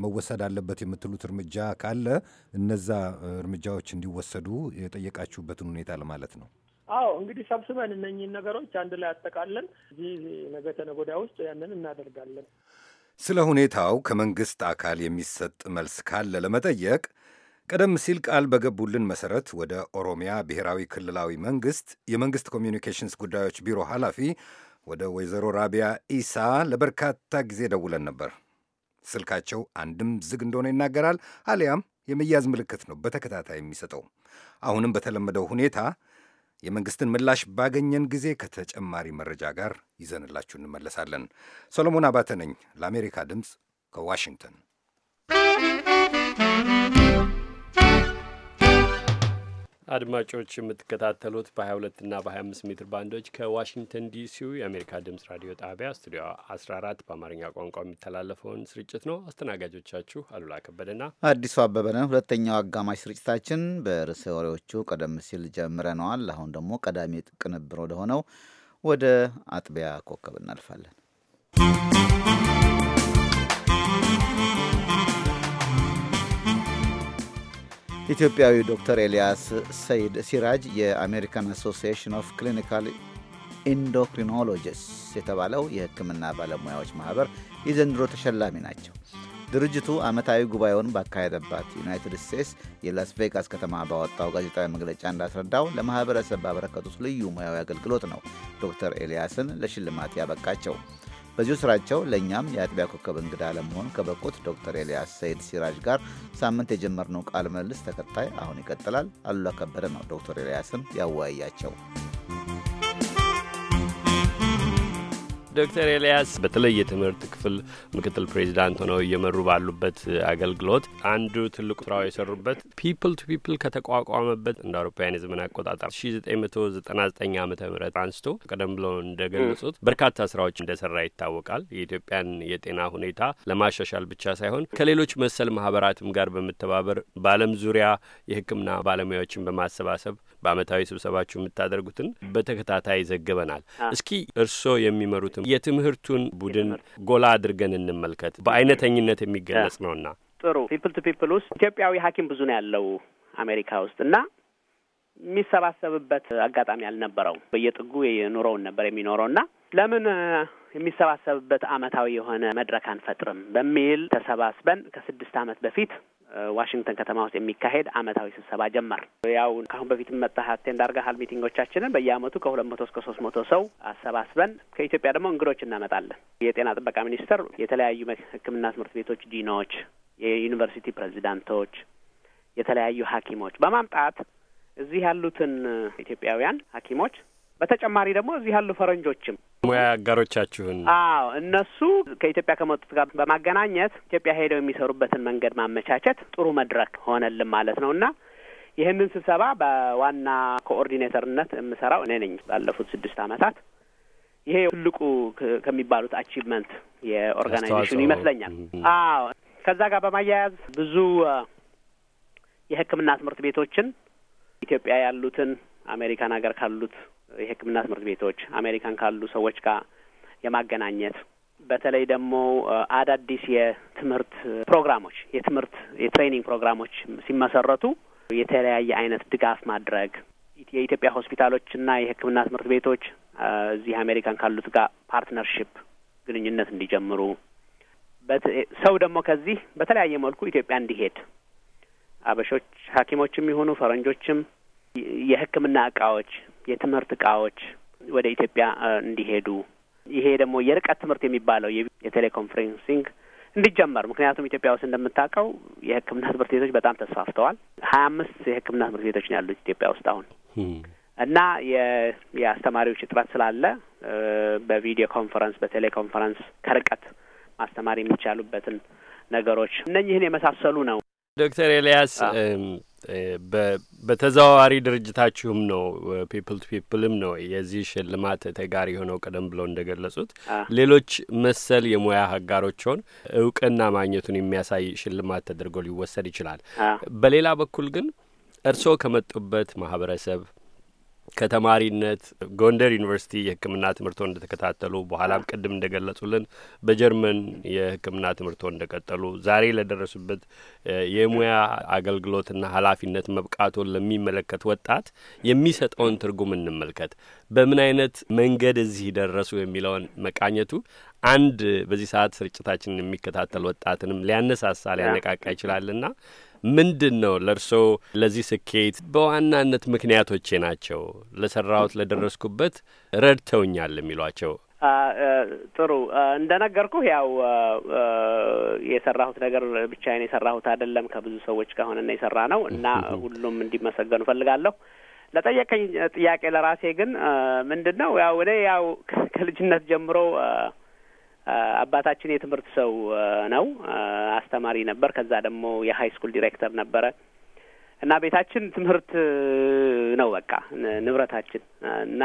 [SPEAKER 6] መወሰድ አለበት የምትሉት እርምጃ ካለ እነዛ እርምጃዎች እንዲወሰዱ የጠየቃችሁበትን ሁኔታ ለማለት ነው።
[SPEAKER 16] አዎ እንግዲህ ሰብስበን እነኚህን ነገሮች አንድ ላይ አጠቃለን እዚህ ነገ ተነገ ወዲያ ውስጥ ያንን እናደርጋለን።
[SPEAKER 6] ስለ ሁኔታው ከመንግስት አካል የሚሰጥ መልስ ካለ ለመጠየቅ ቀደም ሲል ቃል በገቡልን መሰረት ወደ ኦሮሚያ ብሔራዊ ክልላዊ መንግስት የመንግስት ኮሚዩኒኬሽንስ ጉዳዮች ቢሮ ኃላፊ ወደ ወይዘሮ ራቢያ ኢሳ ለበርካታ ጊዜ ደውለን ነበር። ስልካቸው አንድም ዝግ እንደሆነ ይናገራል፣ አሊያም የመያዝ ምልክት ነው በተከታታይ የሚሰጠው። አሁንም በተለመደው ሁኔታ የመንግስትን ምላሽ ባገኘን ጊዜ ከተጨማሪ መረጃ ጋር ይዘንላችሁ እንመለሳለን። ሰሎሞን አባተ ነኝ ለአሜሪካ ድምፅ ከዋሽንግተን
[SPEAKER 4] አድማጮች የምትከታተሉት በ22 እና በ25 ሜትር ባንዶች ከዋሽንግተን ዲሲው የአሜሪካ ድምጽ ራዲዮ ጣቢያ ስቱዲዮ 14 በአማርኛ ቋንቋ የሚተላለፈውን ስርጭት ነው። አስተናጋጆቻችሁ አሉላ ከበደና
[SPEAKER 1] አዲሱ አበበነ። ሁለተኛው አጋማሽ ስርጭታችን በርዕሰ ወሬዎቹ ቀደም ሲል ጀምረነዋል። አሁን ደግሞ ቀዳሚ ቅንብር ወደሆነው ወደ አጥቢያ ኮከብ እናልፋለን። ኢትዮጵያዊ ዶክተር ኤልያስ ሰይድ ሲራጅ የአሜሪካን አሶሲሽን ኦፍ ክሊኒካል ኢንዶክሪኖሎጂስ የተባለው የሕክምና ባለሙያዎች ማህበር የዘንድሮ ተሸላሚ ናቸው። ድርጅቱ ዓመታዊ ጉባኤውን ባካሄደባት ዩናይትድ ስቴትስ የላስ ቬጋስ ከተማ ባወጣው ጋዜጣዊ መግለጫ እንዳስረዳው ለማህበረሰብ ባበረከቱት ልዩ ሙያዊ አገልግሎት ነው ዶክተር ኤልያስን ለሽልማት ያበቃቸው። በዚሁ ስራቸው ለእኛም የአጥቢያ ኮከብ እንግዳ ለመሆን ከበቁት ዶክተር ኤልያስ ሰይድ ሲራጅ ጋር ሳምንት የጀመርነው ቃለ ምልልስ ተከታይ አሁን ይቀጥላል። አሉላ ከበደ ነው ዶክተር ኤልያስን ያወያያቸው።
[SPEAKER 4] ዶክተር ኤልያስ በተለይ የትምህርት ክፍል ምክትል ፕሬዚዳንት ሆነው እየመሩ ባሉበት አገልግሎት አንዱ ትልቁ ስራው የሰሩበት ፒፕል ቱ ፒፕል ከተቋቋመበት እንደ አውሮፓውያን የዘመን አቆጣጠር 1999 ዓ ም አንስቶ ቀደም ብሎ እንደገለጹት በርካታ ስራዎች እንደሰራ ይታወቃል። የኢትዮጵያን የጤና ሁኔታ ለማሻሻል ብቻ ሳይሆን ከሌሎች መሰል ማህበራትም ጋር በመተባበር በዓለም ዙሪያ የሕክምና ባለሙያዎችን በማሰባሰብ በአመታዊ ስብሰባችሁ የምታደርጉትን በተከታታይ ዘግበናል። እስኪ እርስዎ የሚመሩትን የትምህርቱን ቡድን ጎላ አድርገን እንመልከት። በአይነተኝነት የሚገለጽ ነውና
[SPEAKER 17] ጥሩ ፒፕል ቱ ፒፕል ውስጥ ኢትዮጵያዊ ሐኪም ብዙ ነው ያለው አሜሪካ ውስጥ እና የሚሰባሰብበት አጋጣሚ አልነበረው። በየጥጉ የኑሮውን ነበር የሚኖረው እና ለምን የሚሰባሰብበት አመታዊ የሆነ መድረክ አንፈጥርም በሚል ተሰባስበን ከስድስት አመት በፊት ዋሽንግተን ከተማ ውስጥ የሚካሄድ አመታዊ ስብሰባ ጀመር። ያው ከአሁን በፊት መጣህ አቴንድ አድርገሃል። ሚቲንጎቻችንን በየአመቱ ከሁለት መቶ እስከ ሶስት መቶ ሰው አሰባስበን ከኢትዮጵያ ደግሞ እንግዶች እናመጣለን። የጤና ጥበቃ ሚኒስቴር የተለያዩ ሕክምና ትምህርት ቤቶች ዲኖች፣ የዩኒቨርሲቲ ፕሬዚዳንቶች፣ የተለያዩ ሐኪሞች በማምጣት እዚህ ያሉትን ኢትዮጵያውያን ሐኪሞች በተጨማሪ ደግሞ እዚህ ያሉ ፈረንጆችም
[SPEAKER 4] ሙያ አጋሮቻችሁን፣
[SPEAKER 17] አዎ እነሱ ከኢትዮጵያ ከመጡት ጋር በማገናኘት ኢትዮጵያ ሄደው የሚሰሩበትን መንገድ ማመቻቸት ጥሩ መድረክ ሆነልን ማለት ነው እና ይህንን ስብሰባ በዋና ኮኦርዲኔተርነት የምሰራው እኔ ነኝ ባለፉት ስድስት አመታት ይሄ ትልቁ ከሚባሉት አቺቭመንት የኦርጋናይዜሽኑ ይመስለኛል። አዎ ከዛ ጋር በማያያዝ ብዙ የሕክምና ትምህርት ቤቶችን ኢትዮጵያ ያሉትን አሜሪካን ሀገር ካሉት የሕክምና ትምህርት ቤቶች አሜሪካን ካሉ ሰዎች ጋር የማገናኘት በተለይ ደግሞ አዳዲስ የትምህርት ፕሮግራሞች የትምህርት የትሬኒንግ ፕሮግራሞች ሲመሰረቱ የተለያየ አይነት ድጋፍ ማድረግ የኢትዮጵያ ሆስፒታሎችና የሕክምና ትምህርት ቤቶች እዚህ አሜሪካን ካሉት ጋር ፓርትነርሽፕ ግንኙነት እንዲጀምሩ ሰው ደግሞ ከዚህ በተለያየ መልኩ ኢትዮጵያ እንዲሄድ አበሾች ሐኪሞችም የሆኑ ፈረንጆችም የሕክምና እቃዎች የትምህርት እቃዎች ወደ ኢትዮጵያ እንዲሄዱ ይሄ ደግሞ የርቀት ትምህርት የሚባለው የቴሌኮንፈረንሲንግ እንዲጀመር ምክንያቱም ኢትዮጵያ ውስጥ እንደምታውቀው የሕክምና ትምህርት ቤቶች በጣም ተስፋፍተዋል። ሀያ አምስት የሕክምና ትምህርት ቤቶች ነው ያሉት ኢትዮጵያ ውስጥ አሁን እና የአስተማሪዎች እጥረት ስላለ በቪዲዮ ኮንፈረንስ፣ በቴሌኮንፈረንስ ከርቀት ማስተማር የሚቻሉበትን ነገሮች እነኝህን የመሳሰሉ ነው።
[SPEAKER 4] ዶክተር ኤልያስ በተዘዋዋሪ ድርጅታችሁም ነው ፒፕል ቱ ፒፕልም ነው የዚህ ሽልማት ተጋሪ የሆነው። ቀደም ብለው እንደ ገለጹት ሌሎች መሰል የሙያ ሀጋሮችን እውቅና ማግኘቱን የሚያሳይ ሽልማት ተደርጎ ሊወሰድ ይችላል። በሌላ በኩል ግን እርስዎ ከመጡበት ማህበረሰብ ከተማሪነት ጎንደር ዩኒቨርሲቲ የሕክምና ትምህርቶን እንደተከታተሉ በኋላም ቅድም እንደገለጹልን በጀርመን የሕክምና ትምህርቶን እንደቀጠሉ ዛሬ ለደረሱበት የሙያ አገልግሎትና ኃላፊነት መብቃቶን ለሚመለከት ወጣት የሚሰጠውን ትርጉም እንመልከት። በምን አይነት መንገድ እዚህ ደረሱ የሚለውን መቃኘቱ አንድ በዚህ ሰዓት ስርጭታችንን የሚከታተል ወጣትንም ሊያነሳሳ ሊያነቃቃ ይችላልና ምንድን ነው ለእርስዎ ለዚህ ስኬት በዋናነት ምክንያቶቼ ናቸው ለሰራሁት ለደረስኩበት ረድተውኛል የሚሏቸው?
[SPEAKER 17] ጥሩ እንደነገርኩህ ያው የሰራሁት ነገር ብቻዬን የሰራሁት አይደለም። ከብዙ ሰዎች ከሆነና የሰራ ነው እና [laughs] ሁሉም እንዲመሰገኑ እፈልጋለሁ። ለጠየቀኝ ጥያቄ ለራሴ ግን ምንድን ነው ያው እኔ ያው ከልጅነት ጀምሮ አባታችን የትምህርት ሰው ነው። አስተማሪ ነበር። ከዛ ደግሞ የሀይ ስኩል ዲሬክተር ነበረ እና ቤታችን ትምህርት ነው በቃ ንብረታችን እና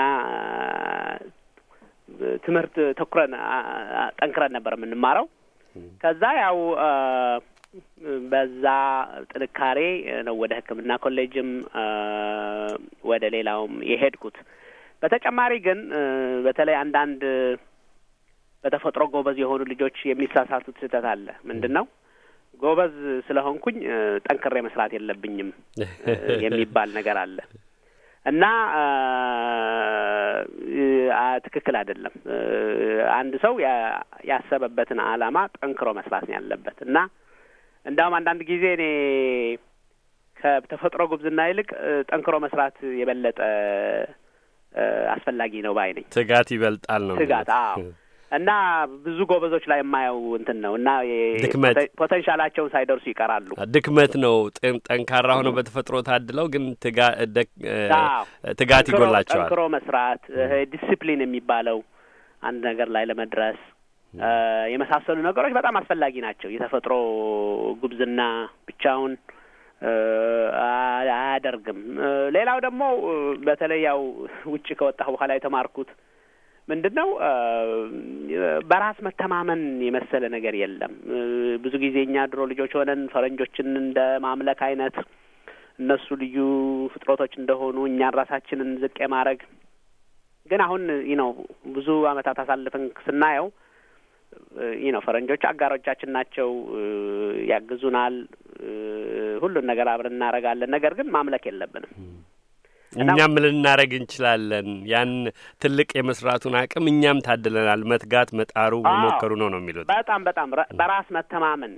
[SPEAKER 17] ትምህርት ተኩረን ጠንክረን ነበር የምንማረው። ከዛ ያው በዛ ጥንካሬ ነው ወደ ሕክምና ኮሌጅም ወደ ሌላውም የሄድኩት። በተጨማሪ ግን በተለይ አንዳንድ በተፈጥሮ ጎበዝ የሆኑ ልጆች የሚሳሳቱት ስህተት አለ። ምንድን ነው? ጎበዝ ስለሆንኩኝ ጠንክሬ መስራት የለብኝም [laughs] የሚባል ነገር አለ እና ትክክል አይደለም። አንድ ሰው ያሰበበትን ዓላማ ጠንክሮ መስራት ነው ያለበት እና እንዳውም አንዳንድ ጊዜ እኔ ከተፈጥሮ ጉብዝና ይልቅ ጠንክሮ መስራት የበለጠ አስፈላጊ ነው ባይ ነኝ።
[SPEAKER 4] ትጋት ይበልጣል ነው ትጋት። አዎ [laughs]
[SPEAKER 17] እና ብዙ ጎበዞች ላይ የማየው እንትን ነው እና ፖቴንሻላቸውን ሳይደርሱ ይቀራሉ።
[SPEAKER 4] ድክመት ነው። ጠንካራ ሆነው በተፈጥሮ ታድለው ግን ትጋት
[SPEAKER 17] ይጎላቸዋል። ጠንክሮ መስራት፣ ዲስፕሊን የሚባለው አንድ ነገር ላይ ለመድረስ የመሳሰሉ ነገሮች በጣም አስፈላጊ ናቸው። የተፈጥሮ ጉብዝና ብቻውን አያደርግም። ሌላው ደግሞ በተለይ ያው ውጭ ከወጣሁ በኋላ የተማርኩት ምንድን ነው በራስ መተማመን የመሰለ ነገር የለም። ብዙ ጊዜ እኛ ድሮ ልጆች ሆነን ፈረንጆችን እንደ ማምለክ አይነት እነሱ ልዩ ፍጥረቶች እንደሆኑ እኛን ራሳችንን ዝቅ የማድረግ ግን አሁን ይህ ነው ብዙ አመታት አሳልፈን ስናየው ይህ ነው ፈረንጆች አጋሮቻችን ናቸው፣ ያግዙናል፣ ሁሉን ነገር አብረን እናደርጋለን። ነገር ግን ማምለክ የለብንም
[SPEAKER 4] እኛም ልናደረግ እንችላለን። ያን ትልቅ የመስራቱን አቅም እኛም ታድለናል። መትጋት፣ መጣሩ፣ መሞከሩ ነው ነው የሚሉት።
[SPEAKER 17] በጣም በጣም በራስ መተማመን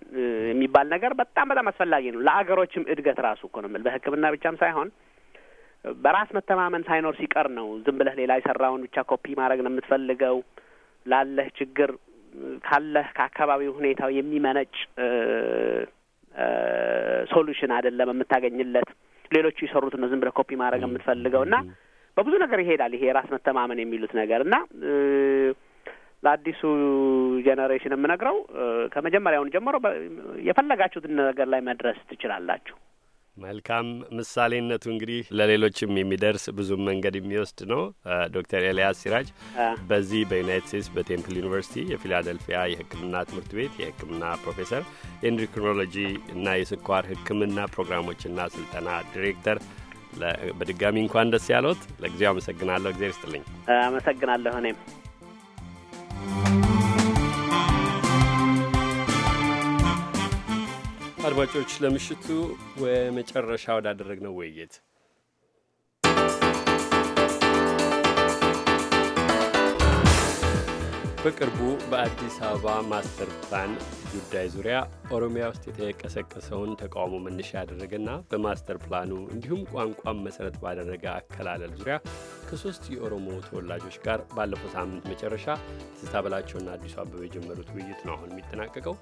[SPEAKER 17] የሚባል ነገር በጣም በጣም አስፈላጊ ነው ለአገሮችም እድገት ራሱ እኮ ነው የምልህ በሕክምና ብቻም ሳይሆን በራስ መተማመን ሳይኖር ሲቀር ነው ዝም ብለህ ሌላ የሰራውን ብቻ ኮፒ ማድረግ ነው የምትፈልገው። ላለህ ችግር ካለህ ከአካባቢው ሁኔታው የሚመነጭ ሶሉሽን አይደለም የምታገኝለት ሌሎቹ የሰሩት ነው ዝም ብለህ ኮፒ ማድረግ የምትፈልገው እና በብዙ ነገር ይሄዳል። ይሄ የራስ መተማመን የሚሉት ነገር እና ለአዲሱ ጄኔሬሽን የምነግረው ከመጀመሪያውን ጀምሮ የፈለጋችሁትን ነገር ላይ መድረስ ትችላላችሁ።
[SPEAKER 4] መልካም ምሳሌነቱ እንግዲህ ለሌሎችም የሚደርስ ብዙም መንገድ የሚወስድ ነው። ዶክተር ኤልያስ ሲራጅ በዚህ በዩናይት ስቴትስ በቴምፕል ዩኒቨርሲቲ የፊላደልፊያ የሕክምና ትምህርት ቤት የሕክምና ፕሮፌሰር፣ የኢንዶክሪኖሎጂ እና የስኳር ሕክምና ፕሮግራሞችና ስልጠና ዲሬክተር፣ በድጋሚ እንኳን ደስ ያለዎት። ለጊዜው አመሰግናለሁ። እግዜር ይስጥልኝ።
[SPEAKER 17] አመሰግናለሁ እኔም
[SPEAKER 4] አድማጮች ለምሽቱ መጨረሻ ወዳደረግነው ውይይት በቅርቡ በአዲስ አበባ ማስተር ፕላን ጉዳይ ዙሪያ ኦሮሚያ ውስጥ የተቀሰቀሰውን ተቃውሞ መነሻ ያደረገና በማስተር ፕላኑ እንዲሁም ቋንቋን መሰረት ባደረገ አከላለል ዙሪያ ከሶስት የኦሮሞ ተወላጆች ጋር ባለፈው ሳምንት መጨረሻ ትዝታ በላቸውና አዲሱ አበበ የጀመሩት ውይይት ነው አሁን የሚጠናቀቀው።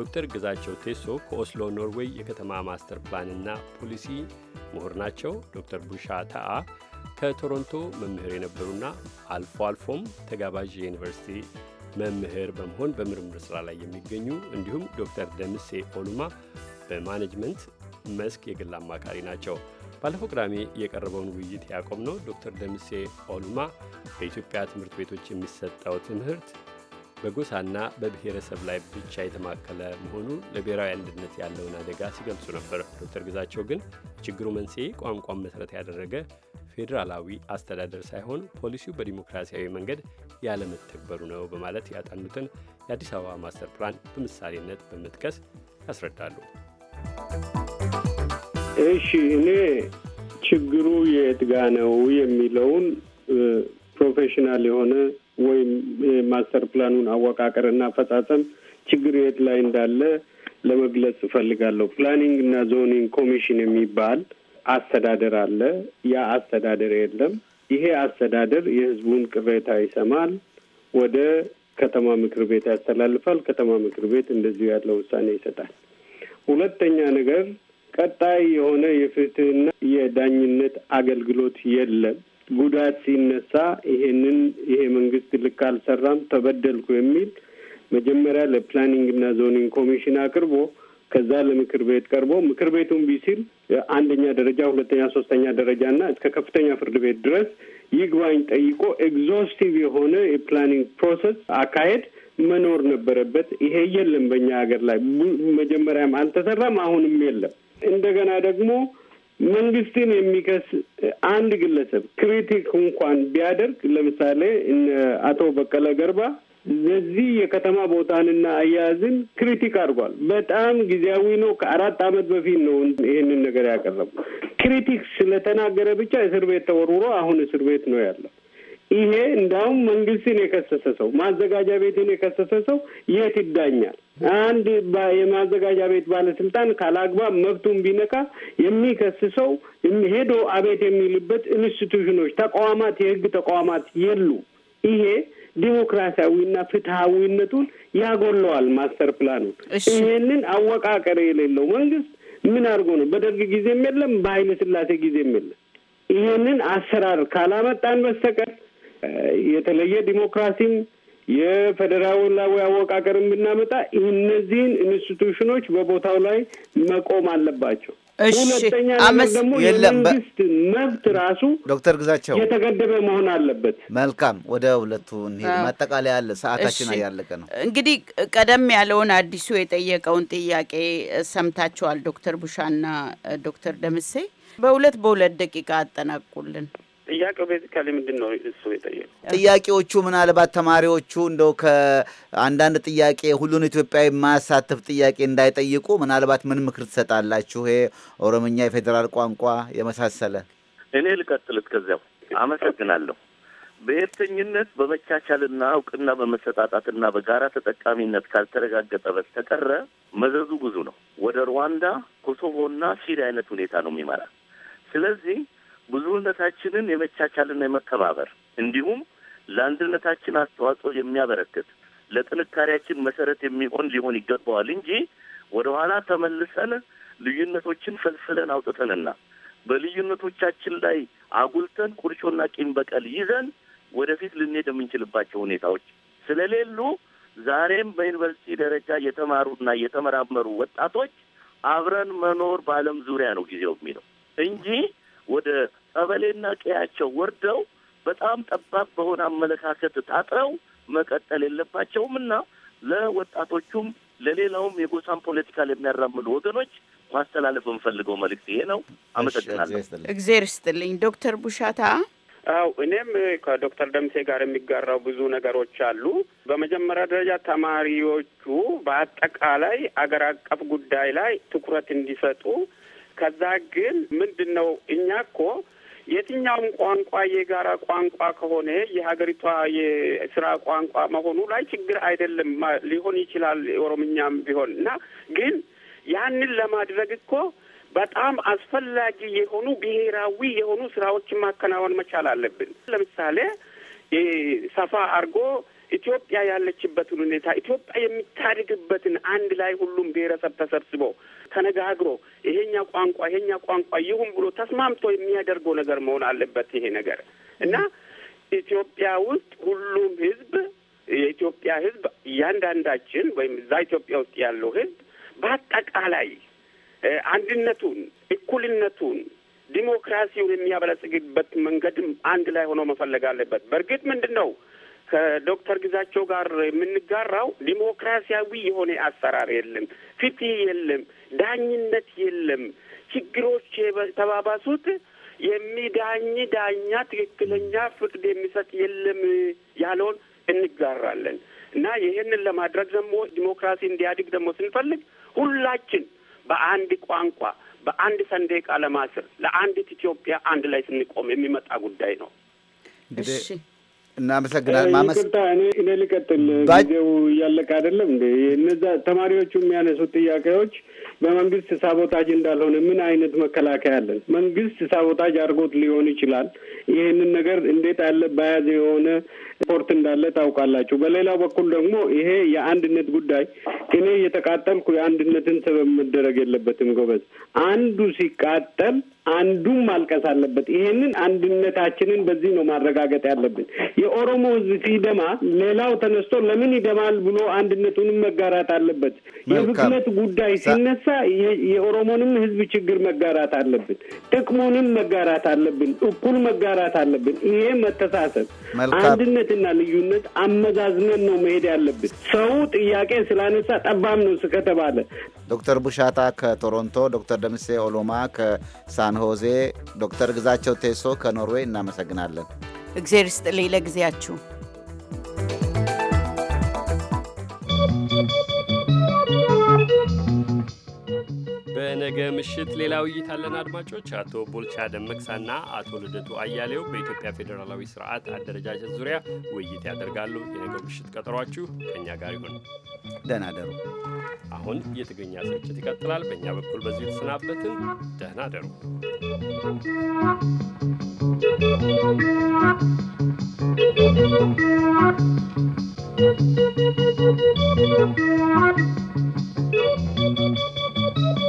[SPEAKER 4] ዶክተር ግዛቸው ቴሶ ከኦስሎ ኖርዌይ የከተማ ማስተር ፕላንና ፖሊሲ ምሁር ናቸው። ዶክተር ቡሻ ተአ ከቶሮንቶ መምህር የነበሩና አልፎ አልፎም ተጋባዥ የዩኒቨርሲቲ መምህር በመሆን በምርምር ስራ ላይ የሚገኙ እንዲሁም ዶክተር ደምሴ ኦሉማ በማኔጅመንት መስክ የግል አማካሪ ናቸው። ባለፈው ቅዳሜ የቀረበውን ውይይት ያቆም ነው ዶክተር ደምሴ ኦሉማ በኢትዮጵያ ትምህርት ቤቶች የሚሰጠው ትምህርት በጎሳና በብሔረሰብ ላይ ብቻ የተማከለ መሆኑ ለብሔራዊ አንድነት ያለውን አደጋ ሲገልጹ ነበር። ዶክተር ግዛቸው ግን የችግሩ መንስኤ ቋንቋን መሠረት ያደረገ ፌዴራላዊ አስተዳደር ሳይሆን ፖሊሲው በዲሞክራሲያዊ መንገድ ያለመተግበሩ ነው በማለት ያጠኑትን የአዲስ አበባ ማስተር ፕላን በምሳሌነት በመጥቀስ ያስረዳሉ።
[SPEAKER 8] እሺ እኔ ችግሩ የት ጋ ነው የሚለውን ፕሮፌሽናል የሆነ ወይም የማስተር ፕላኑን አወቃቀር እና አፈጻጸም ችግር የት ላይ እንዳለ ለመግለጽ እፈልጋለሁ። ፕላኒንግ እና ዞኒንግ ኮሚሽን የሚባል አስተዳደር አለ። ያ አስተዳደር የለም። ይሄ አስተዳደር የህዝቡን ቅሬታ ይሰማል፣ ወደ ከተማ ምክር ቤት ያስተላልፋል። ከተማ ምክር ቤት እንደዚሁ ያለ ውሳኔ ይሰጣል። ሁለተኛ ነገር ቀጣይ የሆነ የፍትህና የዳኝነት አገልግሎት የለም። ጉዳት ሲነሳ ይሄንን ይሄ መንግስት ልክ አልሰራም፣ ተበደልኩ የሚል መጀመሪያ ለፕላኒንግ እና ዞኒንግ ኮሚሽን አቅርቦ ከዛ ለምክር ቤት ቀርቦ ምክር ቤቱም ቢሲል አንደኛ ደረጃ፣ ሁለተኛ፣ ሶስተኛ ደረጃ እና እስከ ከፍተኛ ፍርድ ቤት ድረስ ይግባኝ ጠይቆ ኤግዞስቲቭ የሆነ የፕላኒንግ ፕሮሰስ አካሄድ መኖር ነበረበት። ይሄ የለም በእኛ ሀገር ላይ መጀመሪያም አልተሰራም፣ አሁንም የለም። እንደገና ደግሞ መንግስትን የሚከስ አንድ ግለሰብ ክሪቲክ እንኳን ቢያደርግ ለምሳሌ አቶ በቀለ ገርባ በዚህ የከተማ ቦታንና አያያዝን ክሪቲክ አድርጓል። በጣም ጊዜያዊ ነው። ከአራት ዓመት በፊት ነው ይህንን ነገር ያቀረቡ። ክሪቲክ ስለተናገረ ብቻ እስር ቤት ተወርውሮ አሁን እስር ቤት ነው ያለው። ይሄ እንዳውም መንግስትን የከሰሰ ሰው ማዘጋጃ ቤትን የከሰሰ ሰው የት ይዳኛል? አንድ የማዘጋጃ ቤት ባለስልጣን ካላግባብ መብቱን ቢነካ የሚከስሰው ሄዶ አቤት የሚልበት ኢንስቲቱሽኖች፣ ተቋማት፣ የህግ ተቋማት የሉ ይሄ ዲሞክራሲያዊና ፍትሀዊነቱን ያጎለዋል። ማስተር ፕላኑ ይሄንን አወቃቀር የሌለው መንግስት ምን አድርጎ ነው? በደርግ ጊዜም የለም፣ በኃይለ ስላሴ ጊዜም የለም። ይሄንን አሰራር ካላመጣን በስተቀር የተለየ ዲሞክራሲም የፌዴራላዊ አወቃቀር ብናመጣ እነዚህን ኢንስቲቱሽኖች በቦታው ላይ መቆም አለባቸው። ሁለተኛ ነገር ደግሞ የመንግስት መብት ራሱ
[SPEAKER 1] ዶክተር ግዛቸው የተገደበ መሆን አለበት። መልካም ወደ ሁለቱ እንሄድ። ማጠቃለያ አለ፣ ሰዓታችን እያለቀ ነው። እንግዲህ ቀደም ያለውን አዲሱ የጠየቀውን ጥያቄ ሰምታችኋል ዶክተር ቡሻና ዶክተር ደምሴ በሁለት በሁለት ደቂቃ አጠናቁልን።
[SPEAKER 16] ጥያቄው
[SPEAKER 8] ቤዚካሊ ምንድን ነው? እሱ የጠየቁ ጥያቄዎቹ
[SPEAKER 1] ምናልባት ተማሪዎቹ እንደው ከአንዳንድ ጥያቄ ሁሉን ኢትዮጵያዊ የማያሳትፍ ጥያቄ እንዳይጠይቁ ምናልባት ምን ምክር ትሰጣላችሁ? ይሄ ኦሮምኛ፣ የፌዴራል ቋንቋ የመሳሰለ።
[SPEAKER 18] እኔ ልቀጥል እስከዚያው። አመሰግናለሁ። ብሔርተኝነት በመቻቻልና እውቅና በመሰጣጣትና በጋራ ተጠቃሚነት ካልተረጋገጠ በስተቀረ መዘዙ ብዙ ነው። ወደ ሩዋንዳ ኮሶቮና ሲሪያ አይነት ሁኔታ ነው የሚመራ። ስለዚህ ብዙነታችንን የመቻቻልና የመከባበር እንዲሁም ለአንድነታችን አስተዋጽኦ የሚያበረክት ለጥንካሬያችን መሰረት የሚሆን ሊሆን ይገባዋል እንጂ ወደ ኋላ ተመልሰን ልዩነቶችን ፈልፍለን አውጥተንና በልዩነቶቻችን ላይ አጉልተን ቁርሾና ቂም በቀል ይዘን ወደፊት ልንሄድ የምንችልባቸው ሁኔታዎች ስለሌሉ ዛሬም በዩኒቨርሲቲ ደረጃ የተማሩና የተመራመሩ ወጣቶች አብረን መኖር በዓለም ዙሪያ ነው ጊዜው የሚለው እንጂ ወደ ቀበሌና ቀያቸው ወርደው በጣም ጠባብ በሆነ አመለካከት ታጥረው መቀጠል የለባቸውም እና ለወጣቶቹም ለሌላውም የጎሳን ፖለቲካ ለሚያራምዱ ወገኖች ማስተላለፍ
[SPEAKER 8] የምፈልገው መልእክት ይሄ ነው። አመሰግናለሁ።
[SPEAKER 1] እግዜር ይስጥልኝ። ዶክተር ቡሻታ
[SPEAKER 8] አው እኔም ከዶክተር ደምሴ ጋር የሚጋራው ብዙ ነገሮች አሉ። በመጀመሪያ ደረጃ ተማሪዎቹ በአጠቃላይ አገር አቀፍ ጉዳይ ላይ ትኩረት እንዲሰጡ ከዛ ግን ምንድን ነው እኛ እኮ የትኛውም ቋንቋ የጋራ ቋንቋ ከሆነ የሀገሪቷ የስራ ቋንቋ መሆኑ ላይ ችግር አይደለም። ሊሆን ይችላል ኦሮምኛም ቢሆን እና ግን ያንን ለማድረግ እኮ በጣም አስፈላጊ የሆኑ ብሔራዊ የሆኑ ስራዎችን ማከናወን መቻል አለብን። ለምሳሌ ሰፋ አድርጎ ኢትዮጵያ ያለችበትን ሁኔታ ኢትዮጵያ የሚታድግበትን አንድ ላይ ሁሉም ብሔረሰብ ተሰብስቦ ተነጋግሮ ይሄኛ ቋንቋ ይሄኛ ቋንቋ ይሁን ብሎ ተስማምቶ የሚያደርገው ነገር መሆን አለበት። ይሄ ነገር እና ኢትዮጵያ ውስጥ ሁሉም ህዝብ የኢትዮጵያ ህዝብ እያንዳንዳችን ወይም እዛ ኢትዮጵያ ውስጥ ያለው ህዝብ በአጠቃላይ አንድነቱን፣ እኩልነቱን ዲሞክራሲውን የሚያበለጽግበት መንገድም አንድ ላይ ሆኖ መፈለግ አለበት። በእርግጥ ምንድን ነው ከዶክተር ግዛቸው ጋር የምንጋራው ዲሞክራሲያዊ የሆነ አሰራር የለም፣ ፍትህ የለም፣ ዳኝነት የለም። ችግሮች የተባባሱት የሚዳኝ ዳኛ ትክክለኛ ፍርድ የሚሰጥ የለም ያለውን እንጋራለን እና ይህንን ለማድረግ ደግሞ ዲሞክራሲ እንዲያድግ ደግሞ ስንፈልግ ሁላችን በአንድ ቋንቋ በአንድ ሰንደቅ ዓላማ ስር ለአንዲት ኢትዮጵያ አንድ ላይ ስንቆም የሚመጣ ጉዳይ ነው። እሺ። እናመሰግናል። ማመስግታ እኔ ልቀጥል፣ ጊዜው እያለቀ አይደለም እንዴ? እነዛ ተማሪዎቹ የሚያነሱት ጥያቄዎች በመንግስት ሳቦታጅ እንዳልሆነ ምን አይነት መከላከያ አለን? መንግስት ሳቦታጅ አድርጎት ሊሆን ይችላል። ይህንን ነገር እንዴት ያለ በያዘ የሆነ ስፖርት እንዳለ ታውቃላችሁ። በሌላ በኩል ደግሞ ይሄ የአንድነት ጉዳይ እኔ እየተቃጠልኩ የአንድነትን ሰበብ መደረግ የለበትም ጎበዝ። አንዱ ሲቃጠል አንዱም ማልቀስ አለበት። ይሄንን አንድነታችንን በዚህ ነው ማረጋገጥ ያለብን። የኦሮሞ ህዝብ ሲደማ ሌላው ተነስቶ ለምን ይደማል ብሎ አንድነቱንም መጋራት አለበት። የብክነት ጉዳይ ሲነሳ የኦሮሞንም ህዝብ ችግር መጋራት አለብን። ጥቅሙንም መጋራት አለብን። እኩል መጋራት አለብን። ይሄ መተሳሰብ፣ አንድነትና ልዩነት አመዛዝነን ነው መሄድ ያለብን። ሰው ጥያቄ ስላነሳ ጠባብ ነው ስከተባለ ዶክተር ቡሻታ ከቶሮንቶ፣ ዶክተር
[SPEAKER 1] ደምሴ ኦሎማ ከሳን ሆዜ፣ ዶክተር ግዛቸው ቴሶ ከኖርዌይ እናመሰግናለን። እግዜር ስጥ ሌለ ጊዜያችሁ
[SPEAKER 4] በነገ ምሽት ሌላ ውይይት አለን። አድማጮች አቶ ቦልቻ ደመቅሳና አቶ ልደቱ አያሌው በኢትዮጵያ ፌዴራላዊ ስርዓት አደረጃጀት ዙሪያ ውይይት ያደርጋሉ። የነገ ምሽት ቀጠሯችሁ ከእኛ ጋር ይሁን። ደህና ደሩ። አሁን የትግርኛ ስርጭት ይቀጥላል። በእኛ በኩል በዚህ የተሰናበትን። ደህና ደሩ።